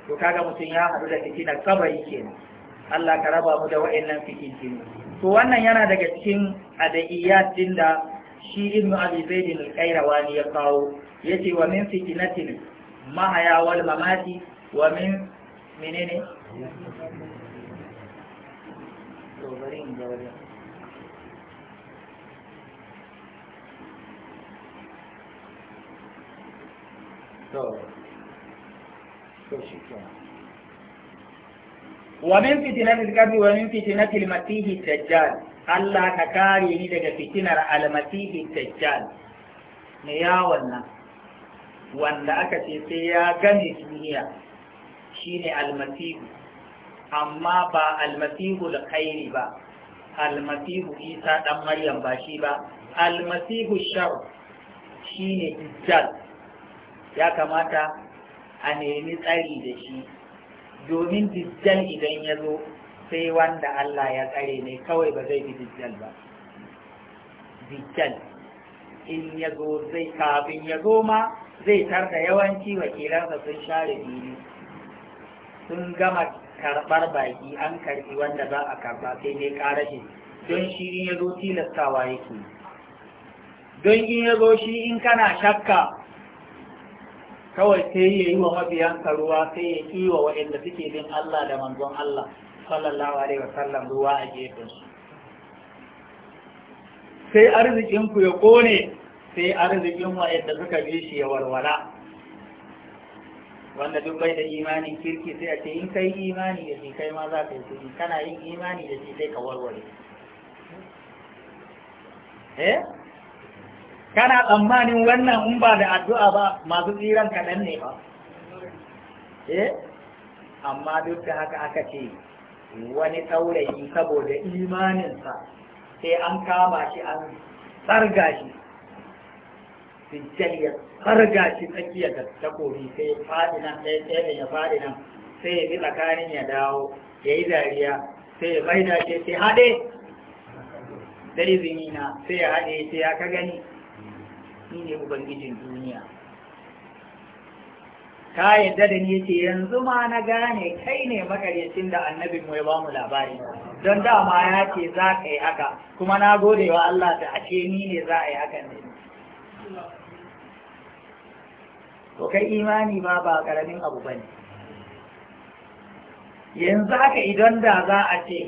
to kaga mutum ya haɗu da fitinar kabari kenan Allah ka raba mu da wa'annan fitintini to wannan yana daga cikin adaiyat din da shi ibn abi zaid al-qayrawani ya kawo yace wa min fitinatin mahaya wal mamati wa min menene to bari ka ga wajen to to shi kenan ومن فتنة الكبر ومن daga fitinar almasihi dajjal ne ya wannan wanda aka ce sai ya gane duniya shine almasihu amma ba almasihu alkhairi ba almasihu isa dan maryam ba shi ba almasihu shar ne dajjal ya kamata a nemi tsari da shi domin dajjal idan ya zo sai wanda Allah ya tsare ne kawai ba zai bi dajjal ba dajjal in ya zo zai kafin ya zo ma zai tarda yawanci wakilansa sun share fili sun gama karɓar baki an karɓi wanda za a karɓa sai dai ƙarashi don shi in ya zo tilastawa yake don in ya zo shi in kana shakka kawai sai ya yi wa mabiyanka ruwa sai ya yi wa waɗanda suke bin Allah da manzon Allah sallallahu alaihi wa sallam, ruwa a su. sai arzikinku ya kone sai arzikin waɗanda suka bi shi ya walwala. wanda duk bai da imanin kirki sai a ce in kai imani da shi kai ma za ka yi kuɗi kana yin imani da shi sai ka warware eh kana tsammanin wannan in ba da addu'a ba masu tsiran kaɗan ne ba eh amma duk da haka aka ce wani saurayi saboda imaninsa sai an kama shi an tsarga shi sijjaliya ga shi tsakiyar da takobi sai ya faɗi nan ɗaya ɗaya ya faɗi nan sai ya tsakanin ya dawo ya yi dariya sai ya mai da ke sai haɗe da izini na sai ya haɗe sai ya ka gani ni ne ubangijin duniya ka yadda da ni ce yanzu ma na gane kai ne makaryacin da annabin mai ya ba mu labari don dama ya ce za ka yi haka kuma na gode wa Allah da ake ni ne za a yi hakan ne to kai imani ba ba karamin abu ba ne yanzu haka idan da za a ce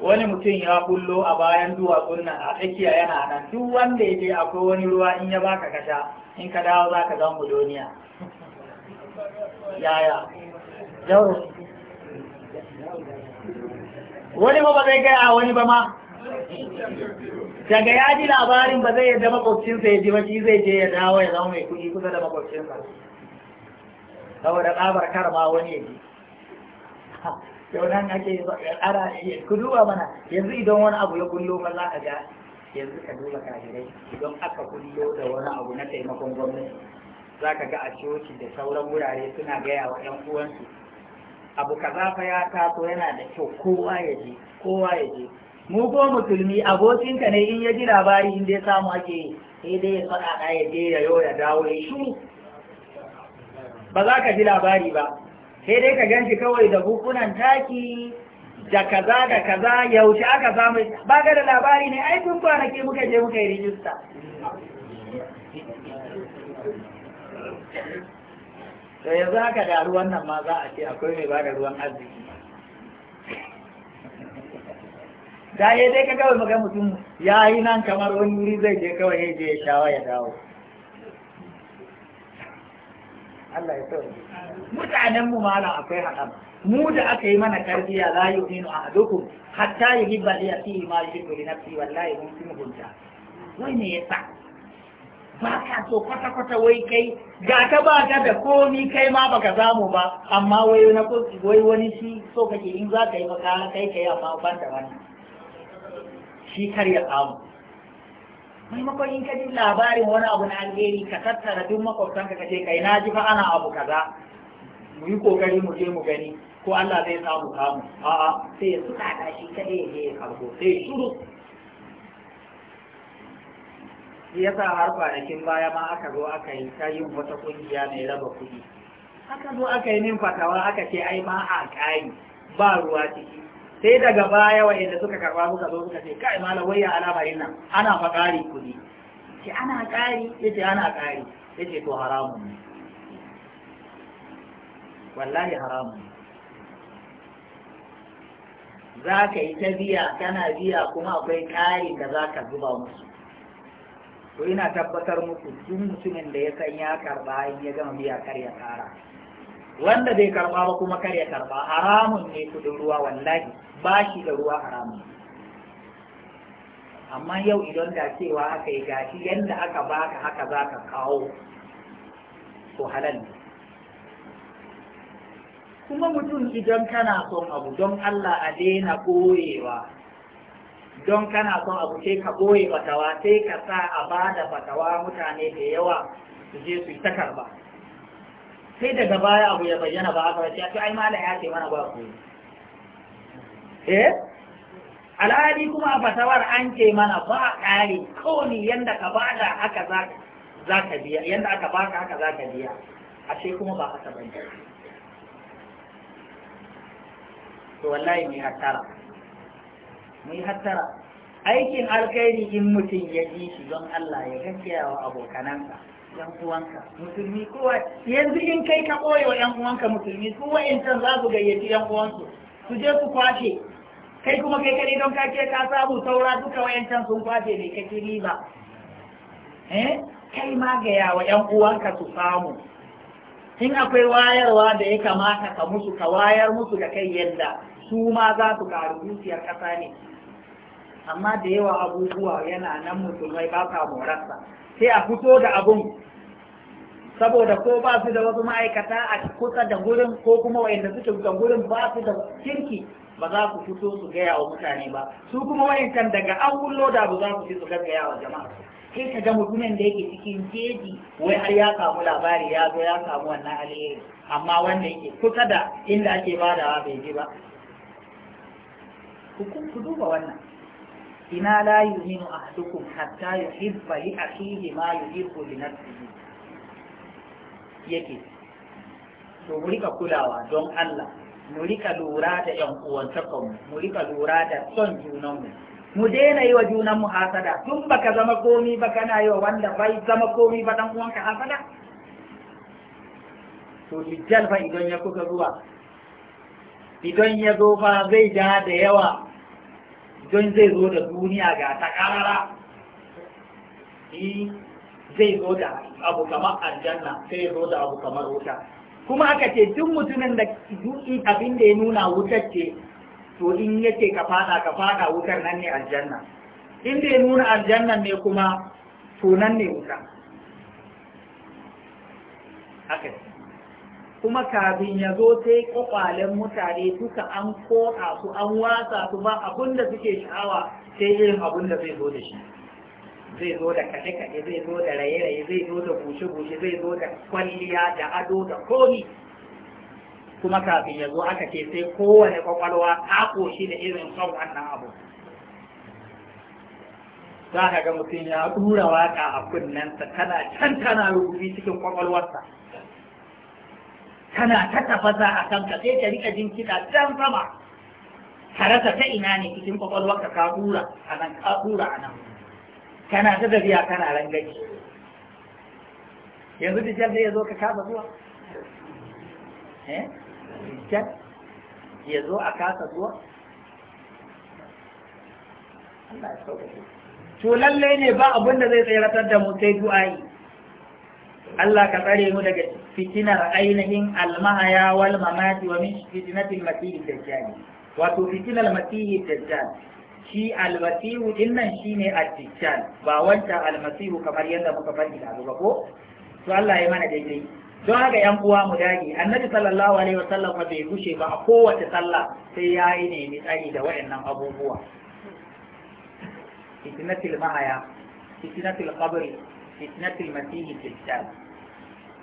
wani mutum ya kullo a bayan duwatsun nan a tsakiya yana nan duk wanda ya je akwai wani ruwa in ya baka kasha in ka dawo za ka zan budoniya yaya yau wani ba ba zai gaya wani ba ma daga ya ji labarin ba zai yadda makwabcinsa ya ji ba zai je ya dawo ya zama mai kuɗi kusa da makwabcinsa saboda tsabar karma wani ya ji yau nan ake ara ku duba mana yanzu idan wani abu ya kullo ma za ka ga yanzu ka duba kafirai idan aka kullo da wani abu na taimakon gwamnati za ka ga a coci da sauran wurare suna gaya wa 'yan uwansu abu kaza fa ya taso yana da kyau kowa ya je kowa ya je mu ko musulmi abokinka ne in ya ji labari in dai samu ake yi, sai dai ya faɗa ɗa ya je ya yau ya dawo ya shuru ba za ka ji labari ba sai dai ka gan kawai da bukunan taki da kaza da kaza yaushe aka samu ba ga da labari ne ai tun kwanaki muka je muka yi rijista Sai yanzu haka da ruwan nan ma za a ce akwai mai ba da ruwan arziki da ya dai ka kawai maga mutum ya yi nan kamar wani wuri zai je kawai ya je ya shawa ya dawo Allah ya sauke mutanen mu malam akwai haɗa mu da aka yi mana karbiya la yu'minu ahadukum hatta yuhibba li akhihi ma yuhibbu li nafsihi wallahi mun fi mugunta wai ne yasa ba ka so kwata kwata wai kai ga ka ba ka da komi kai ma baka samu ba amma wai wani shi so kake in za ka yi ka kai kai amma ban da wani. shi kar ya samu maimakon in ka ji labarin wani abu na alheri ka tattara duk makwabtan ka ce kai na ji fa ana abu kaza mu yi kokari mu je mu gani ko Allah zai samu kamu a'a sai ya suka da shi kadai ya je karbo sai shuru sa har kwanakin baya ma aka zo aka yi ta yin wata kungiya mai raba kuɗi aka zo aka yi min fatawa aka ce ai ma a ƙayi ba ruwa ciki sai daga baya inda suka karba suka zo suka ce kai malam waya alama nan ana fa ƙari kuɗi ce ana ƙari yace ana ƙari yace to haramun ne wallahi haramun ne za ka yi ta biya kana biya kuma akwai kari da za ka zuba musu to ina tabbatar muku duk mutumin da ya san ya karba in ya gama biya kar ya kara. wanda bai karba ba kuma kar ya karba haramun ne da ruwa wallahi ba shi da ruwa haramun amma yau idan da cewa aka yi gashi yadda aka baka haka za ka kawo to halal kuma mutum idan kana son abu don Allah a daina ɓoyewa don kana son abu sai ka ɓoye fatawa sai ka sa a ba da fatawa mutane da yawa su je su yi ta sai daga baya abu ya bayyana ba aka race to ai mala ya ce mana ba ku eh alhali kuma a fatawar an ce mana ba kare kawai yanda ka bada haka za za ka biya yanda aka baka haka za ka biya ce kuma ba aka bayyana to wallahi mai hattara mai hattara aikin alkhairi in mutum ya ji shi don Allah ya gaskiya wa abokanansa yan uwanka musulmi kowa yanzu in kai ka ɓoye wa yan uwanka musulmi za su gayyaci yan uwansu su je su kwashe kai kuma kai kaɗai don ka ke ka samu saura duka wa'incan sun kwashe ne kake riba Eh kai ma ya wa yan uwanka su samu in akwai wayarwa da ya kamata ka musu ka wayar musu da kai yadda su ma za su ƙaru dukiyar kasa ne amma da yawa abubuwa yana nan musulmai ba ka morarsa sai a fito da abun saboda ko ba su da wasu ma'aikata a kusa da gurin ko kuma wayanda suke da gurin ba su da kirki ba za su fito su gaya wa mutane ba su kuma wayancan daga an kullo da abu za su fi su gaya wa jama'a sai ka ga mutumin da yake cikin jeji wai har ya samu labari ya zo ya samu wannan alheri amma wanda yake kusa da inda ake badawa bai je ba ku duba wannan ina la yu'minu ahadukum hatta yuhibba li akhihi ma yuhibbu li yake to mu rika kulawa don Allah mu rika lura da yan uwantakan mu rika lura da son junanmu mu daina yi wa junanmu hasada tun baka zama komi ba kana yi wa wanda bai zama komi ba dan uwanka hasada to dijjal fa idan ya kuka zuwa idan ya zo fa zai ja da yawa don zai zo da duniya ga ta karara zai zo da abu kamar aljanna sai zo da abu kamar wuta kuma aka ce duk mutumin da duki abin da ya nuna wutar ce to in yake ka fada ka fada wutar nan ne aljanna in da ya nuna aljanna ne kuma to nan ne wuta haka kuma kafin ya zo sai kwakwalen mutane duka an koka su an wasa su ba abin suke sha'awa sai irin abin zai zo da shi zai zo da kashe-kashe zai zo da raye-raye zai zo da bushe-bushe zai zo da kwalliya da ado da komi kuma kafin ya zo aka ce sai kowane kwakwalwa ta koshi da irin son wannan abu za ka ga mutum ya ɗura waƙa a kunnensa tana can tana rubuci cikin kwakwalwarsa tana ta tafasa a kanka sai ka rika jin kiɗa can sama ka rasa ta ina ne cikin kwakwalwarka ka kura a nan ka dura a nan kana ta tafiya kana rangaji yanzu dijjal zai zo ka kasa zuwa eh ya zo a kasa zuwa Allah ya to lalle ne ba abin da zai tsayar da mu sai du'a'i Allah ka tsare mu daga fitinar ainihin almahaya wal mamati wa min fitnatil masihi dajjal wato fitinal masihi dajjal shi almasihu dinnan shine ad-dajjal ba wanda almasihu kamar yadda muka faɗi da abu ko to Allah ya mana daidai don haka yan uwa mu dage annabi sallallahu alaihi wasallam ba bai gushe ba a kowace sallah sai ya yi nemi tsari da waɗannan abubuwa fitnatil mahaya fitnatil qabri fitnatil masihi dajjal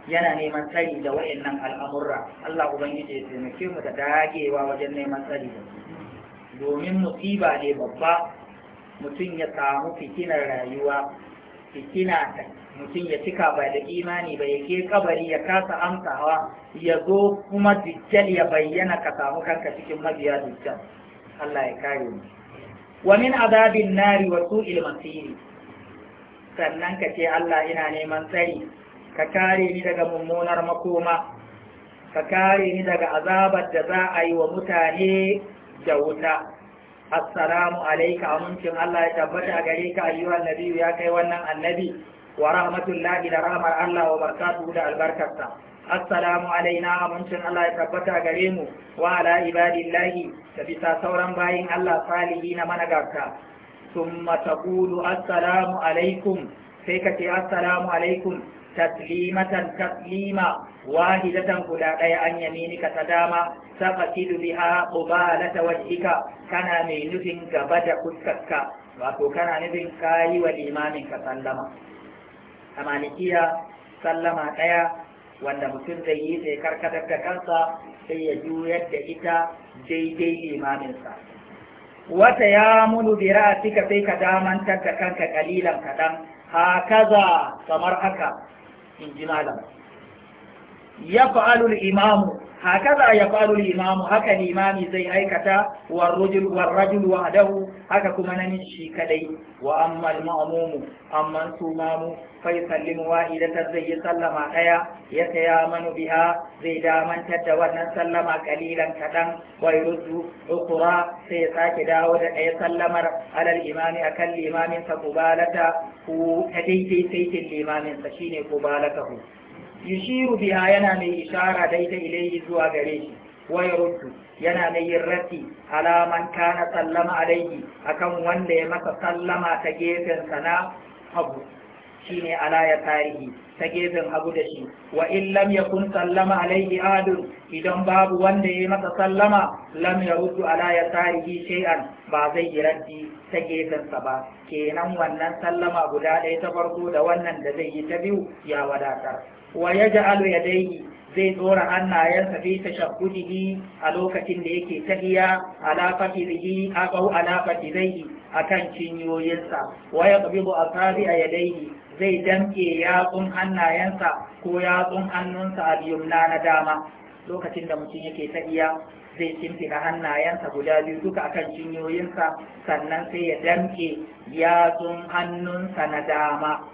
yana neman tsari da wa'annan al'amurra Allah ubangiji ya taimake mu da dagewa wajen neman tsari da domin musiba ne babba mutum ya samu fitinar rayuwa fitina mutum ya cika ba da imani ba ya ke kabari ya kasa amsawa ya zo kuma dijjal ya bayyana ka samu kanka cikin mabiya dijjal Allah ya kare mu wa azabin nari wa su'il masiri sannan ka ce Allah ina neman tsari ka kare ni daga mummunar makoma ka kare ni daga azabar da za a yi wa mutane da wuta assalamu alaika amincin Allah ya tabbata a gare ka ayyuhan nabiyu ya kai wannan annabi wa rahmatullahi da rahmar Allah wa barakatuhu da albarkarsa assalamu alaina amincin Allah ya tabbata gare mu wa ala ibadillahi da bisa sauran bayin Allah salihi na managarta summa taqulu assalamu alaikum sai ka ce assalamu alaikum taslimatan tatlima wahidatan guda ɗaya an yaminika ta dama taqtilu biha qubalata wajhika kana mai nufin gaba da kuskarka wato kana nufin kayi wa limamin ka sallama a sallama ɗaya wanda mutum zai yi sai karkatar da kansa sai ya juyar da ita daidai limaminsa wata ya munu bira a cika sai ka damantar da kanka kalilan kaɗan hakaza kamar haka in ji ya fa'alul imamu hakaza ya fa'alul imamu haka limami zai aikata war wa adahu haka kuma min shi kadai wa amma al-ma'mumu amma su mamu fa yusallimu wahidatan zai yi sallama daya ya kaya manu biha zai damantar da wannan sallama kalilan kadan wa yuzu ukura sai ya sake dawo da daya sallamar alal imami akan limamin sa kubalata ku ta daidai saitin limamin sa shine ku yushiru biha yana mai ishara daidai ilayhi zuwa gare shi wa yuzu yana na yin rati alaman kana sallama alaihi akan wanda ya masa sallama ta gefen sana hagu shi ne ya tarihi ta gefen hagu da shi wa in lam yakun sallama alaihi adun idan babu wanda ya masa sallama lam yaruddu ala ya tarihi shay'an ba zai yi raddi ta gefen sa ba kenan wannan sallama guda ɗaya ta farko da wannan da zai yi ta biyu ya wadatar wa ya yadayhi zai tsora hannayensa fi tashahhudihi a lokacin da yake tahiya ala fatirihi aqau ala fatiraihi akan cinyoyinsa wa yaqbidu asabi yadaihi zai damke yatsun hannayensa ko yatsun hannunsa a biyun na dama lokacin da mutum yake tahiya zai shimfida hannayensa guda biyu duka akan cinyoyinsa sannan sai ya damke yatsun hannunsa na dama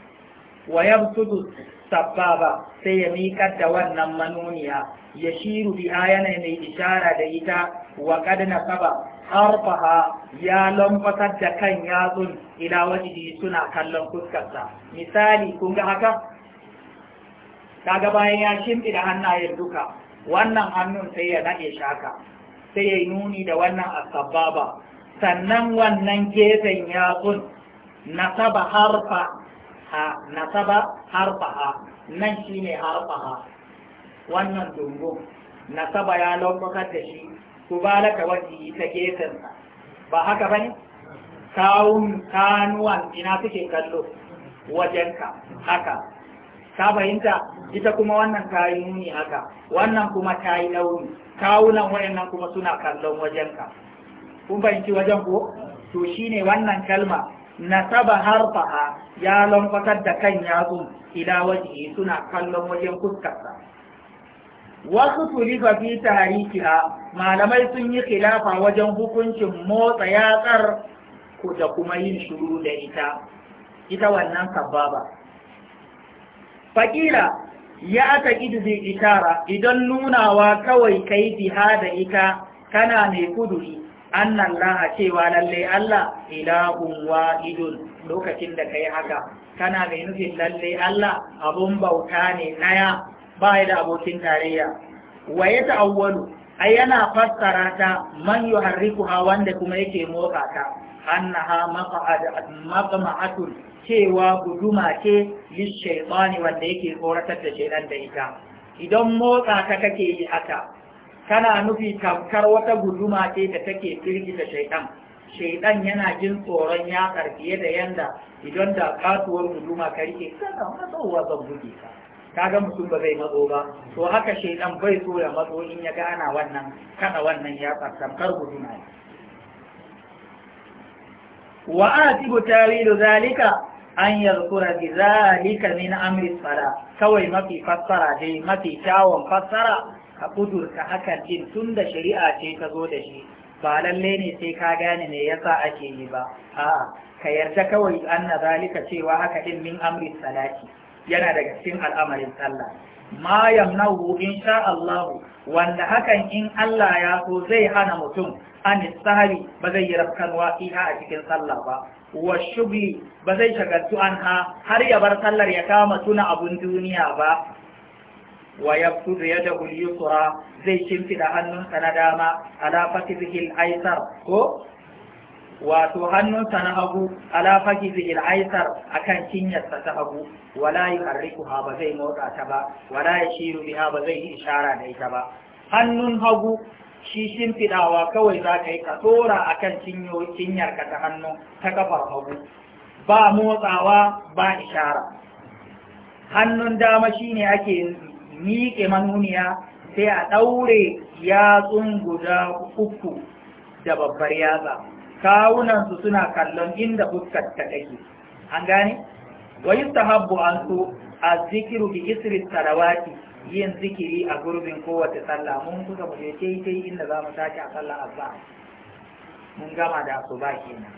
wa yabsudu sababa sai ya miƙar da wannan manuniya ya shiru bi ayana mai ishara da ita wa kadna saba arfaha ya lamfatar da kan yatsun ila wajihi suna kallon fuskarsa misali kun ga haka kaga bayan ya shimfiɗa hannayen duka wannan hannun sai ya nade shaka sai ya nuni da wannan asababa sannan wannan gefen yatsun nasaba saba harfa ha nasaba harfaha nan shine harfaha wannan dungu nasaba ya lokakar da shi kubalata yi ta gefensa ba haka ba ne? kawun kanuwan ina suke kallo wajenka haka ta fahimta ita kuma wannan kayi nuni haka wannan kuma ta yi launi kawunan wayannan kuma suna kallon wajenka kun fahimci wajen ko to shine wannan kalma nasaba harfaha ya lamfatar da kan yatsun ila waje suna kallon wajen fuskarsa wasu tulifa fi tarihiha malamai sun yi khilafa wajen hukuncin motsa yatsar da kuma yin shuru da ita ita wannan sababa fakila ya aka idu ishara idan nunawa kawai kai ha da ita kana mai kuduri annan laha cewa lalle Allah ilahun wa'idun lokacin da ka yi haka kana mai nufin lalle Allah abun bauta ne ɗaya ba ya da abokin tarayya wa ya ta'awwalu ai yana fassara ta man ha wanda kuma yake motsa ta annaha maqma'atun cewa guduma ce lishaytani wanda yake horatar da shaidan da ita idan motsa ta kake yi haka kana nufi tamkar wata guduma ce da take firgita shaidan shaidan yana jin tsoron ya fiye da yanda idan da katuwar guduma ka rike kana matsowa zan buge ka kaga mutum ba zai matso ba to haka shaidan bai so ya matso in ya ga ana wannan kada wannan ya tamkar guduma ne wa atibu tawilu zalika an yadhkura bi zalika min amri sala kawai mafi fassara dai mafi kyawun fassara a ƙudurka hakan ɗin tun da shari'a ce ta zo da shi ba lalle ne sai ka gane me yasa ake yi ba a'a ka yarda kawai anna zalika cewa haka ɗin min amri salati yana daga cikin al'amarin sallah ma yamnahu sha Allah wanda hakan in Allah ya so zai hana mutum an sahari ba zai yi rafkanwa fiha a cikin sallah ba wa shugli ba zai shagaltu an ha har ya bar sallar ya kama tuna abun duniya ba wa yabsutu yadahu al-yusra zai shimfida hannunsa na dama ala al aisar ko wato hannunsa na hagu ala fakizi al-aisar akan sa ta hagu wala yuharrikuha ba zai motsa ta ba wala yashiru biha ba zai yi ishara da ita ba hannun hagu shi shimfidawa kawai za ka yi ka tsora akan cinyarka ta hannu ta kafar hagu ba motsawa ba ishara hannun dama shine ake miƙe manuniya sai a ɗaure yatsun guda uku da babbar yatsa kawunansu suna kallon inda fuskar ta ɗage an gane wai sahabbu an so a zikiru da isri tarawati yin zikiri a gurbin kowace sallah mun kusa mu je yi inda za mu tashi a sallah azza mun gama da ba kenan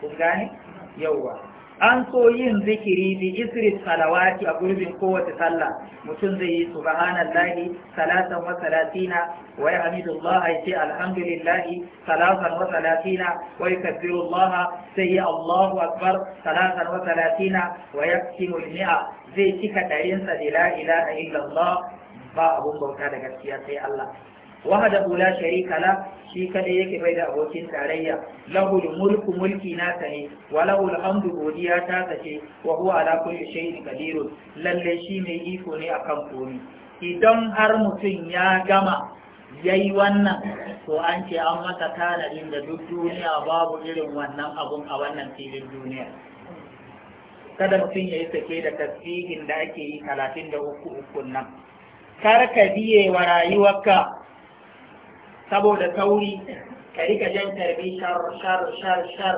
kun gane yauwa an so yin zikiri bi isri salawati a gurbin kowace sallah mutum zai yi subhanallahi salatan wa salatina wa yahmidullah ay sai alhamdulillah salatan wa salatina wa yukabbirullah sai Allahu akbar salatan wa salatina wa yaktimu al-mi'a zai cika da la ilaha illallah ba abun bauta da gaskiya sai Allah wahada la sharika la shi kadai yake bai da abokin tarayya lahul mulku mulki nasa ne wa lahul godiya ta sace wa huwa ala kulli shay'in lalle shi mai iko ne akan komai idan har mutum ya gama yayi wannan to an ce an masa tanadin da duk duniya babu irin wannan abun a wannan filin duniya kada mutum ya yi sake da tasbihin da ake yi talatin da uku kar ka biye wa rayuwarka saboda tauri ka rika jan tarbi shar shar shar shar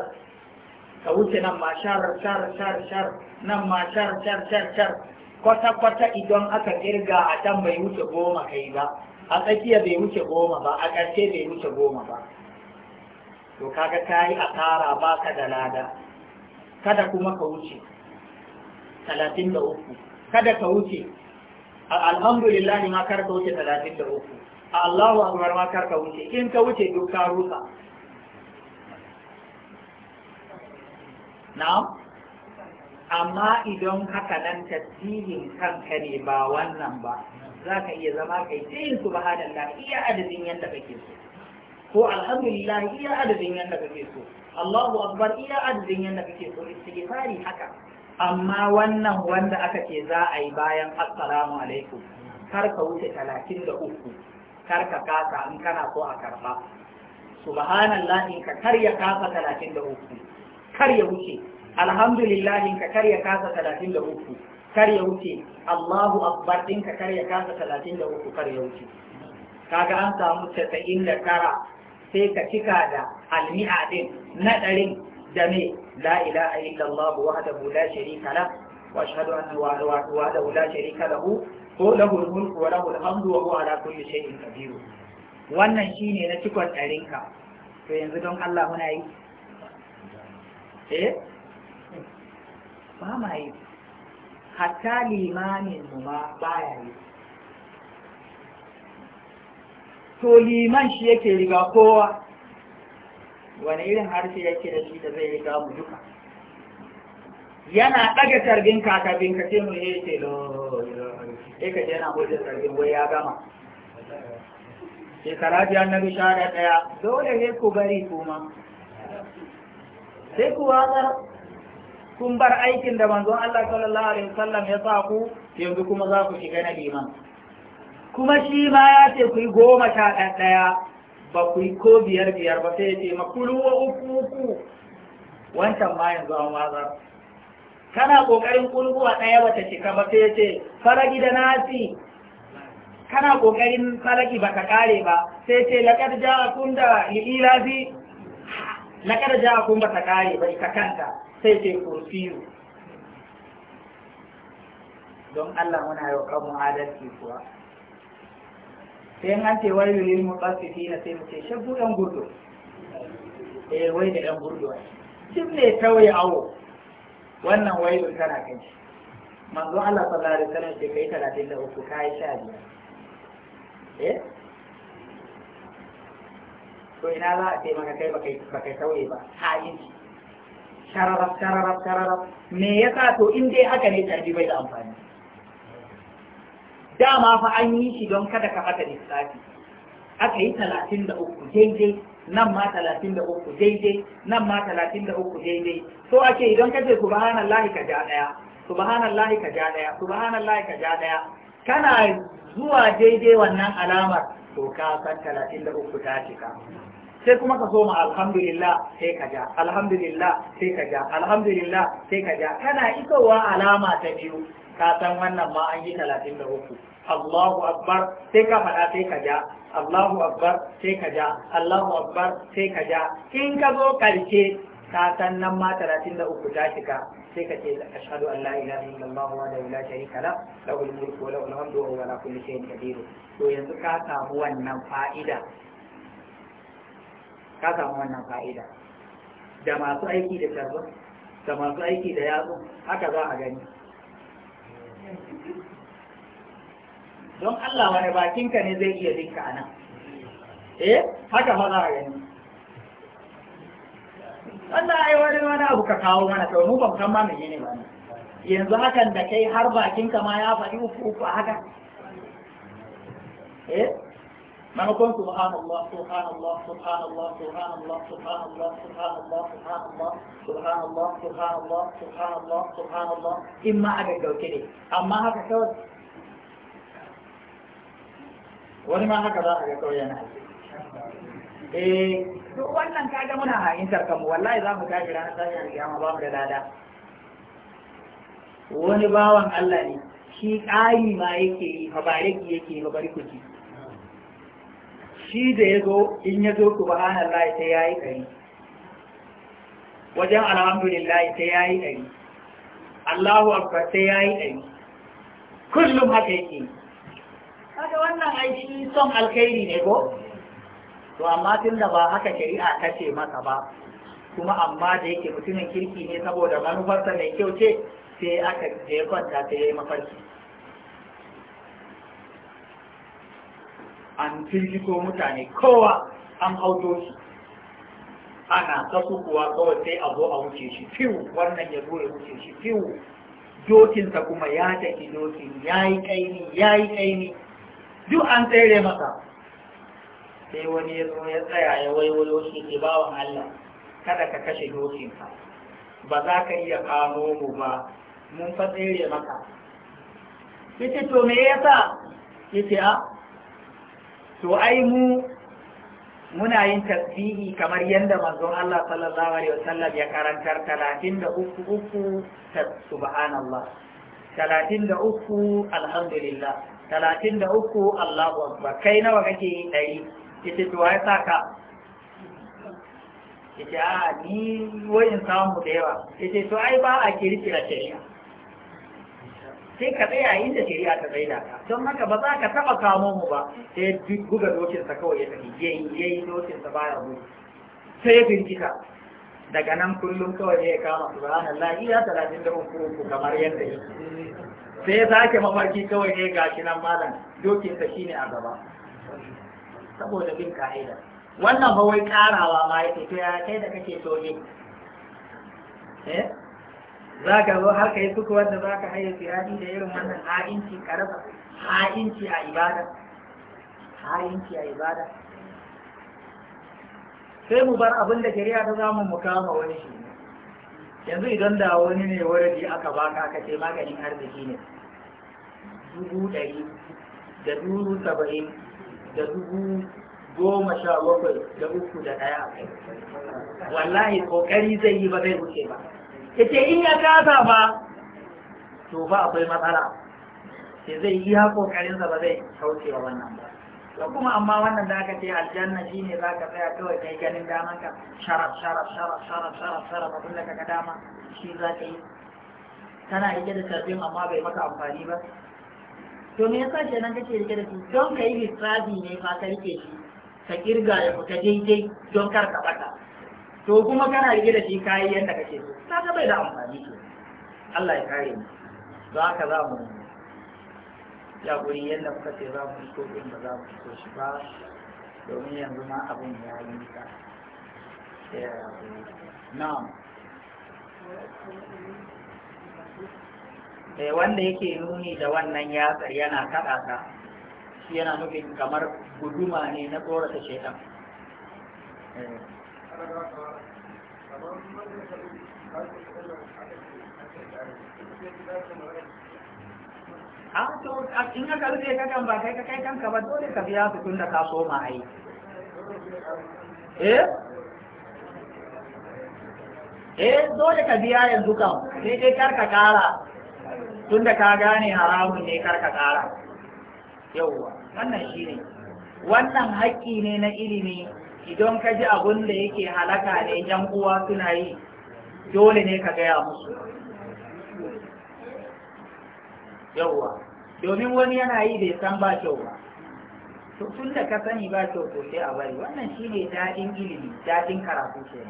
ka wuce nan ma shar shar shar shar nan ma shar shar shar shar kwata kwata idan aka kirga a can bai wuce goma kai ba a tsakiya bai wuce goma ba a ƙarshe bai wuce goma ba to kaga ka yi asara ba ka da lada kada kuma ka wuce talatin da uku kada ka wuce alhamdulillah ma kar ka wuce talatin da uku Allahu akbar ma kar ka wuce in ka wuce duk ka rusa na'am amma idan haka nan tasbihin kanka ne ba wannan ba za ka iya zama kai sai da iya adadin yadda kake so ko alhamdulillah iya adadin yadda kake so Allahu akbar iya adadin yadda kake so istighfari haka amma wannan wanda aka ce za a yi bayan assalamu alaikum kar ka wuce talatin da uku kar ka kasa in kana so a karba subhanallah in ka karya kasa talatin da uku kar ya wuce alhamdulillah in ka karya kasa talatin da uku kar ya wuce Allahu akbar din ka karya kasa talatin da uku kar ya wuce kaga an samu casa'in da tara sai ka cika da almi'a din na ɗarin da me la ilaha illallah wahdahu la sharika la wa ashhadu anna wahdahu la sharika lahu ko lahu mulku wa lahu alhamdu wa huwa ala kulli shay'in qadir wannan shine na cikon ɗarinka to yanzu don Allah muna yi eh ba ma yi hatta limanin mu ma baya yi to liman shi yake riga kowa wani irin harshe yake da shi da zai riga mu duka yana ɗaga targin kakabin ka ce mu yi eh, ce lo sai ka je na wai ya gama shekara biyar na bishara ɗaya dole ne ku bari kuma sai ku watsar kun bar aikin da manzon Allah sallallahu alaihi wasallam ya sa ku yanzu kuma za ku shiga na liman kuma shi ma ya ce ku yi goma sha ɗaya ba ku yi ko biyar biyar ba sai ya ce makulu wa uku uku wancan ma yanzu an watsar kana kokarin kulkuwa ɗaya wata cika ba sai ce faragi da nasi kana kokarin faragi ba ka kare ba sai ce laƙar ja kun da ilazi laƙar ja kun ba ta kare ba ita kanta sai ce kurfiyu don Allah muna yau kan mu'adalci adalci kuwa sai an ce wai yulil fi na sai mu ce shabu ɗan gudu. eh wai da ɗan gurdu shi ne tauye awo wannan wailun tana kai manzo Allah sallallahu alaihi wasallam ce kai talatin da uku kai sha biyar eh to ina za a ce maka kai baka kai sauye ba hayin shararab shararab shararab me yasa to in dai haka ne tarbi bai da amfani dama fa an yi shi don kada ka fata lissafi aka yi talatin da uku daidai nan ma talatin da uku daidai nan ma talatin da uku daidai so ake idan ka ce subhanallahi ka ja ɗaya subhanallahi ka ja ɗaya subhanallahi ka ja ɗaya kana zuwa daidai wannan alamar to ka san talatin da uku ta cika sai kuma ka soma alhamdulillah sai ka ja alhamdulillah sai ka ja alhamdulillah sai ka ja kana isowa alama ta biyu ka san wannan ma an yi talatin da uku Allahu akbar sai ka faɗa sai ka ja Allahu Akbar sai ka ja Allahu Akbar sai ka ja in ka zo karshe ta san nan ma uku ta shiga sai ka ce ashhadu an la ilaha illallah wa la sharika la lahul mulku wa lahul hamdu wa wala ala kulli shay'in Kabiru. to yanzu ka samu wannan fa'ida ka samu wannan fa'ida da masu aiki da tarzo da masu aiki da yatsu haka za a gani don Allah wani bakinka ne zai iya dinka a nan eh haka fa za a gani Allah ai wani wani abu ka kawo mana to mu ban san ma menene ba yanzu hakan da kai har bakinka ma ya faɗi uku uku haka eh maimakon subhanallah subhanallah subhanallah subhanallah subhanallah subhanallah subhanallah subhanallah subhanallah subhanallah subhanallah in ma aka gauke ne amma haka kawai wani ma haka za a ga kawai yana eh duk wannan ka kaga muna ha'intar kanmu wallahi za mu tashi ranar tashin alƙiyama ba mu da lada wani bawan Allah ne shi ƙari ma yake yi fa ba yake yake ba bari shi da ya zo in ya zo ku subhanallahi sai yayi kari wajen alhamdulillah sai yayi kari Allahu akbar sai yayi kari kullum haka yake yi kaga wannan ai shi son alkhairi ne ko to amma tun da ba haka shari'a ta ce masa ba kuma amma da yake mutumin kirki ne saboda manufarsa mai kyau ce sai aka je kwanta sai ya yi mafarki an firgito mutane kowa an hau shi ana kasu kuwa kawai sai a zo a wuce shi fiw wannan ya zo ya wuce shi fiw dokinsa kuma ya tafi dokin ya yi ƙaini ya yi ƙaini duk an tsere masa sai wani ya zo ya tsaya ya waiwayo shi ke bawan Allah kada ka kashe dokinka ba za ka iya kamo mu ba mun fa tsere maka yace to me yasa yace a ah, to ai mu muna yin tasbihi kamar yadda manzon Allah sallallahu alaihi wasallam ya karantar 33 uku subhanallah 33 alhamdulillah talatin da uku Allahu Akbar kai nawa kake yi ɗari ita to ya sa ka ita a ni wayin samu da yawa ita to ai ba a kirkira shari'a sai ka tsaya inda shari'a ta tsaida ka don haka ba za ka taɓa kamo mu ba sai buga dokinsa kawai ya tafi yayi yayi dokinsa baya gudu sai ya bincika daga nan kullum kawai ya kama su subhanallah iya talatin da uku uku kamar yadda yake sai ya sake mafarki kawai ne ga shi nan malam dokinsa shi ne a gaba saboda bin ka'ida wannan ba wai karawa ma ya to ya kai da kake soje eh za ka zo har ka yi suku wanda za ka haye sirari da irin wannan ha'inci rasa ha'inci a ibada ha'inci a ibada sai mu bar abin da shari'a ta zamu mu kama wani shi yanzu idan da wani ne waradi aka baka aka ce maganin arziki ne dubu ɗari da dubu saba'in da dubu goma sha bakwai da uku da ɗaya wallahi kokari zai yi ba zai wuce ba ita in ya kasa ba to ba akwai matsala sai zai yi ha kokarinsa ba zai kauce wa wannan ba to kuma amma wannan da aka ce aljanna ne za ka tsaya kawai kai ganin daman ka sharaf sharaf sharaf sharaf sharaf sharaf abin da kaga dama shi za ka yi Tana iya da tarbin amma bai maka amfani ba Domin ya yasa kenan kake rike da su don ka yi hisabi ne ba ka rike shi ka kirga ya fita daidai don kar ka bata to kuma kana rike da shi kayi yadda kake so kaga bai da amfani to Allah ya kare mu ba ka za mu ya guri yadda kuka ce za mu so din ba za mu so shi ba domin yanzu ma abin ya yi nisa na. Eh, wanda yake nuni da wannan yatsar yana kada ta shi yana nufin kamar guduma ne na tsorata shaitan eh. ah, a to in ka karfe ka kan ba kai ka kai kanka ba dole ka biya su tunda da ka soma ai eh eh dole ka biya yanzu kan sai dai kar ka kara tunda ka gane haramun ne karka kara, yauwa wannan shi ne wannan haƙƙi ne na ilimi idan ka ji abun da yake halaka ne yan uwa suna yi dole ne ka gaya musu yauwa domin wani yana yi bai san ba kyau ba to tun da ka sani ba kyau to sai a bari wannan shi ne daɗin ilimi daɗin karatu ke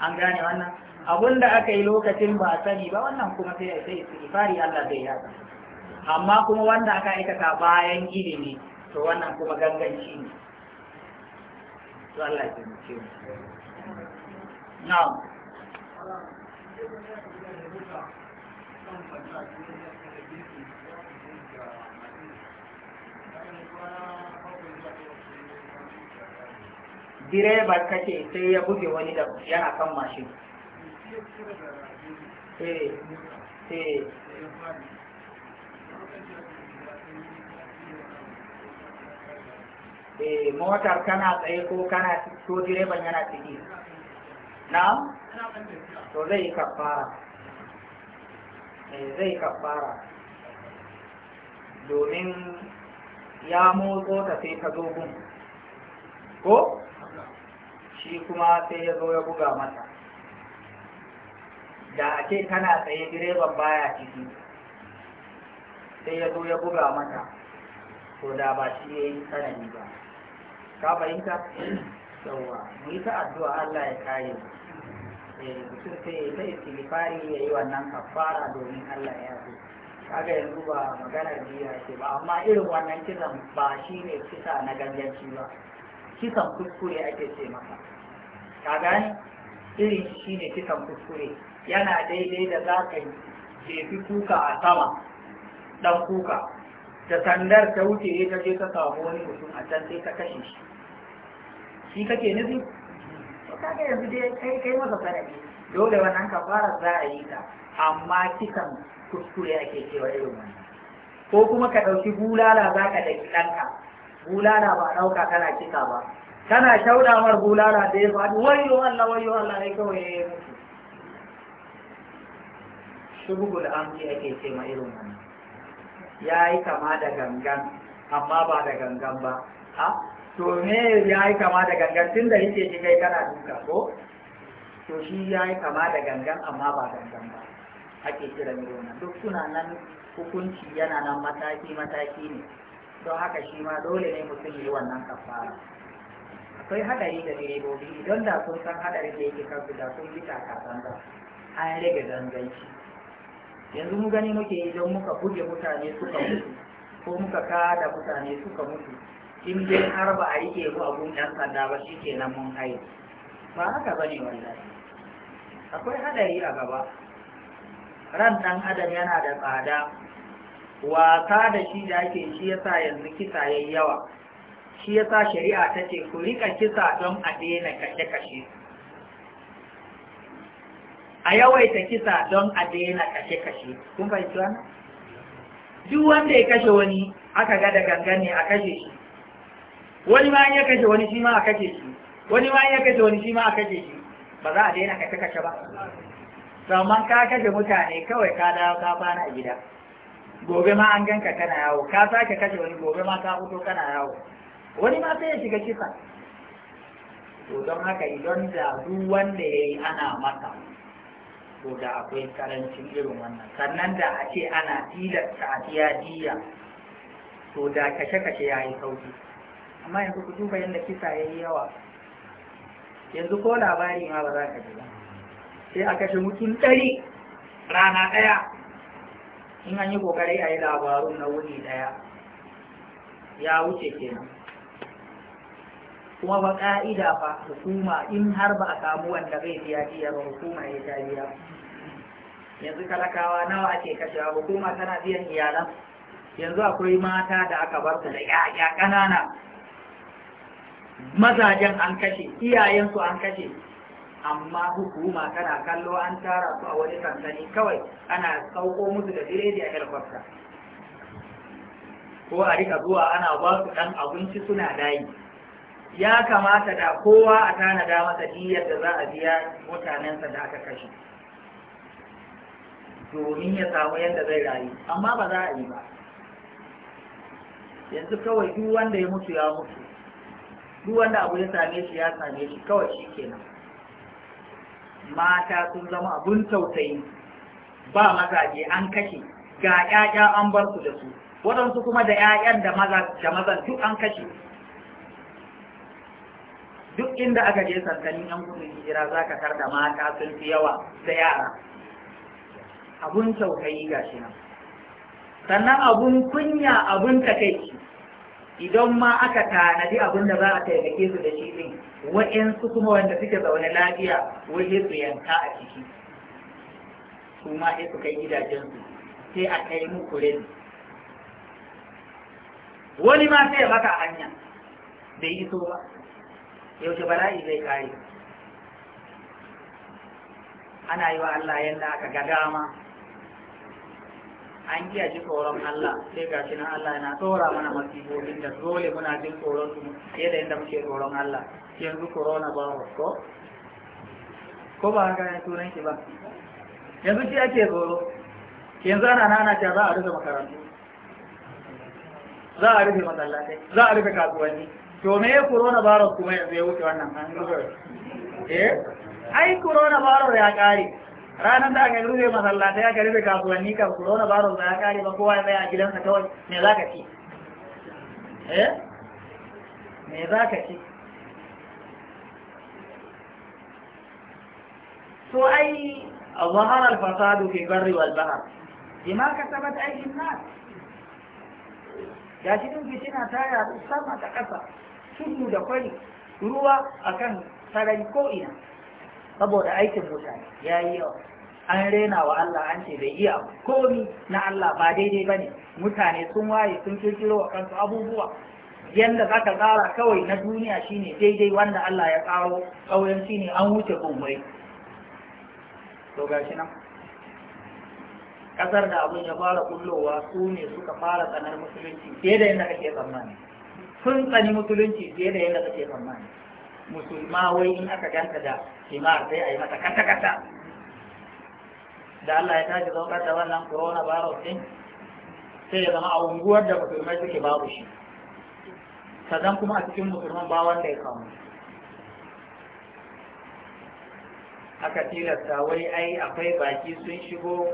an gane wannan abinda aka yi lokacin ba a sani ba wannan kuma sai sai istighfari Allah zai yaba amma kuma wanda aka aikata bayan ilimi to wannan kuma ganganci ne to Allah ya taimake na'am direba kake sai ya buge wani da yana kan mashin eh eh eh motar kana tsaye ko kana ko direban yana ciki na to zai kafara eh zai kafara domin ya motso ta sai ka zo gun ko shi kuma sai ya zo ya buga mata da a ce kana tsaye direban baya ciki sai ya zo ya buga mata to da ba shi ya yi tsanani ba ka fahimta yauwa mu yi ta addu'a Allah ya kare mu eh, mutum sai ya ta istighfari ya yi wannan kafara domin Allah ya zo kaga yanzu ba maganar jiya ce ba amma irin wannan kisan ba shi ne kisa na ganganci ba kisan kuskure ake ce maka ka gane irin shi ne kisan kuskure yana daidai da za ka yi jefi kuka a sama ɗan kuka da sandar ta wuce ya je ka samu wani mutum a can sai ka kashe shi shi kake nufi to kake yanzu dai kai kai masa sanadi dole wannan fara za a yi ta amma kisan kuskure ake cewa irin wannan ko kuma ka ɗauki bulala za ka daki ɗanka bulala ba ɗauka kana kisa ba kana shauɗa mar bulala da ya faɗi wayo Allah wayo Allah ne kawai ya yi mutu shugul amsi ake ce ma irin wannan ya yi kama da gangan amma ba da gangan ba ha to me ya yi kama da gangan tun da yake shi kai kana duka ko to shi ya yi kama da gangan amma ba gangan ba ake kira irin wannan duk suna nan hukunci yana nan mataki mataki ne don haka shi ma dole ne mutum yi wannan kafara akwai hadari da direbobi idan da sun san hadari da yake kansu da sun yi takasan an rage zanganci yanzu mu gani muke yi idan muka buge mutane suka mutu ko muka kada mutane suka mutu in dai har ba a ke zuwa abun 'yan sanda ba shi ke nan mun haye ba haka ba ne wallahi akwai haɗari a gaba ran ɗan adam yana da tsada wasa da shi da ake shi yasa yanzu kisa ya yawa shi yasa shari'a ta ce ku rika kisa don a daina kashe-kashe a yawaita kisa don a daina kashe-kashe kun fahimci wannan duk wanda ya kashe wani aka ga da gangan a kashe shi wani ma ya kashe wani shi ma a kashe shi wani ma ya kashe wani shi ma a kashe shi ba za a daina kashe-kashe ba sannan ka kashe mutane kawai ka dawo ka fana a gida gobe ma an ganka kana yawo ka sake kashe wani gobe ma ka fito kana yawo wani ma sai ya shiga kisa to don haka idan da duk wanda ya yi ana maka to da akwai karancin irin wannan sannan da a ce ana tilasta a biya diya to da kashe-kashe ya yi sauki amma yanzu ku duba yadda kisa ya yi yawa yanzu ko labari ma ba za ka ji ba sai a kashe mutum ɗari rana ɗaya in an yi ƙoƙari a yi labarun na wuni ɗaya ya wuce kenan kuma ba ka'ida ba hukuma in har ba a samu wanda zai biya jiya ba hukuma ya ta biya yanzu talakawa nawa ake kashewa hukuma tana biyan iyalan yanzu akwai mata da aka bar su da yaya ƙanana mazajen an kashe iyayensu an kashe amma hukuma tana kallo an tara su a wani sansani kawai ana sauko musu da biredi a helikwafta ko a rika zuwa ana ba su ɗan abinci suna dayi ya kamata da kowa a tanada masa diyar da za a biya mutanensa da aka kashe domin ya samu yadda zai rayu amma ba za a yi ba yanzu kawai duk wanda ya mutu ya mutu duk wanda abu ya same shi ya same shi kawai shi kenan mata sun zama abun tausayi ba mazaje an kashe ga 'ya'ya an bar su da su waɗansu kuma da 'ya'yan da mazan duk an kashe duk inda aka je sansanin yan gudun hijira za ka karda mata sun fi yawa da yara abun tausayi ga shi nan sannan abun kunya abun takaici idan ma aka tanadi abin da za a taimake su da shi din wa'yansu kuma wanda suke zaune lafiya waje su yanka a ciki su ma sai su kai gidajensu sai a kai muku rin wani ma sai baka hanya bai iso ba yaushe bala'i zai kare ana yi wa Allah yadda aka ga dama an iya ji tsoron Allah sai ga shi nan Allah yana tsora mana masibobin da dole muna jin tsoron su fiye da yadda muke tsoron Allah yanzu corona ba ko ko ba haka ne turan shi ba yanzu shi ake tsoro yanzu ana nana ta za a rufe makarantu za a rufe masallatai za a rufe kasuwanni to me corona virus kuma ya ya wuce wannan eh ai corona virus ya kare ranar da aka rufe masallatai aka rufe kasuwanni kan corona virus ya kare ba kowa ya tsaya a gidansa kawai me za ka ci eh me za ka ci to ai ظهر الفساد في البر والبحر بما كسبت ايدي الناس gashi din fitina ta yadu sama da ƙasa tudu da kwari ruwa akan sarari ko'ina. saboda aikin mutane ya yi yawa an rena wa Allah an ce bai iya komi na Allah ba daidai ba ne mutane sun waye sun kirkiro wa kansu abubuwa yadda za ka tsara kawai na duniya shine daidai wanda Allah ya tsaro ƙauyen shine an wuce kumburi to gashi nan kasar da abin ya fara kullowa su ne suka fara tsanar musulunci fiye da yadda ake tsammani sun tsani musulunci fiye da yadda kake tsammani musulma wai in aka ganta da himar sai a yi mata kata kata da Allah ya tashi zaukar da wannan corona virus din sai ya zama a unguwar da musulmai suke babu shi sannan kuma a cikin musulman ba wanda ya kawo. aka tilasta wai ai akwai baki sun shigo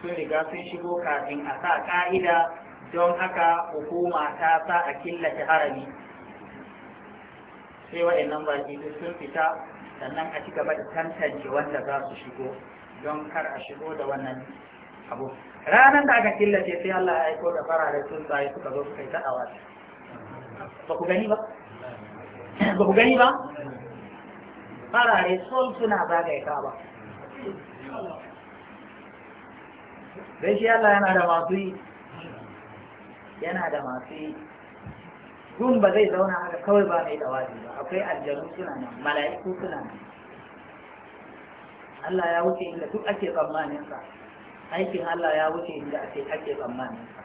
sun riga sun shigo kafin a sa ka'ida don haka hukuma ta sa a killace harami sai waɗannan baki duk sun fita sannan a ci gaba da tantance wanda za su shigo don kar a shigo da wannan abu ranar da aka killace sai Allah ya aiko da sun tsaye suka zo suka yi ta dawa ba ku gani ba ba ku gani ba farare sun suna zagaye ka ba Zai shi Allah yana da masu yi yana da masu gun ba zai zauna haka kawai ba mai dawaji ba akwai aljanu suna nan mala'iku suna nan Allah ya wuce inda duk ake tsammanin sa aikin Allah ya wuce inda ake ake tsammanin sa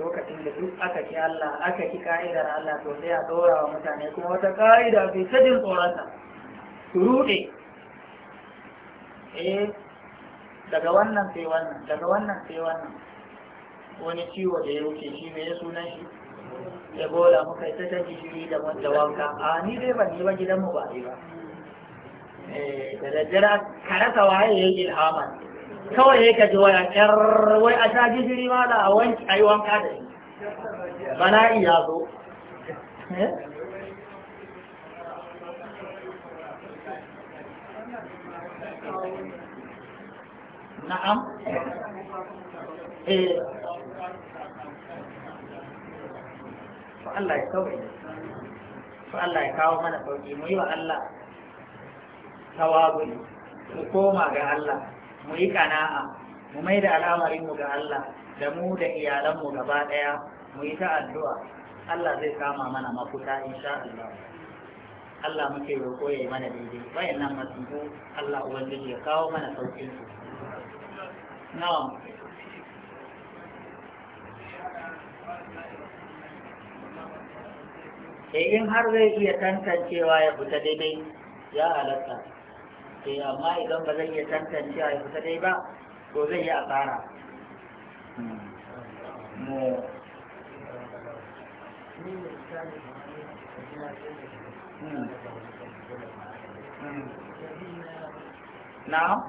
lokacin da duk aka ki Allah aka ki ka'idar Allah to sai a dora wa mutane kuma wata ka'ida bai ta jin tsoronta su ruɗe eh daga wannan sai wannan daga wannan sai wannan wani ciwo da ya wuce shi me ya sunan shi ebola muka yi ta ta gishiri da wanda wanka a ni dai ban yi ba gidan mu ba yi ba eh, da daddara karasa waye ya yi ilhaman kawai ya kaji waya yar wai a ta gishiri ma da a wanki a yi wanka da shi bala'i ya zo eh? na'am eh su Allah ya kawo sauƙi su Allah ya kawo mana sauƙi mu yi wa Allah tawabu mu koma ga Allah mu yi kana'a mu mai da al'amarinmu ga Allah da mu da iyalanmu gaba ɗaya mu yi ta addu'a Allah zai kama mana mafuta insha Allah Allah muke roƙo ya yi mana daidai bayan nan masifu Allah ubangiji ya kawo mana sauƙin su na'am sai eh, in har zai iya tantancewa ya fita daidai ya halatta sai eh, amma idan ba zai iya tantancewa ya fita daidai ba to zai yi asara hmm. eh. hmm. hmm. na?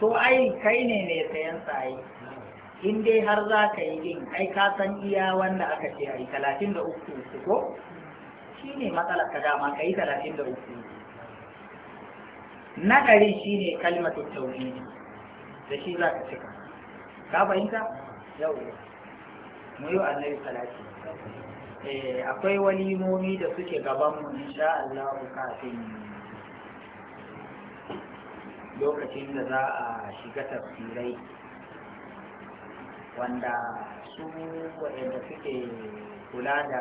to ai kai ne mai sayan sayi in dai har za ka yi din ai ka san iya wanda aka ce ai talatin da uku ko shi ne matsalar ka dama ka yi talatin da uku na gari shi ne kalmatu tauhidi da shi za ka cika ka fahimta yau mu yi annabi salati eh, akwai walimomi da suke gabanmu insha Allah kafin lokacin da za a shiga tafsirai wanda su waɗanda suke kula da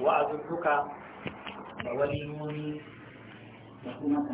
wa'azuzzuka da wani da kuma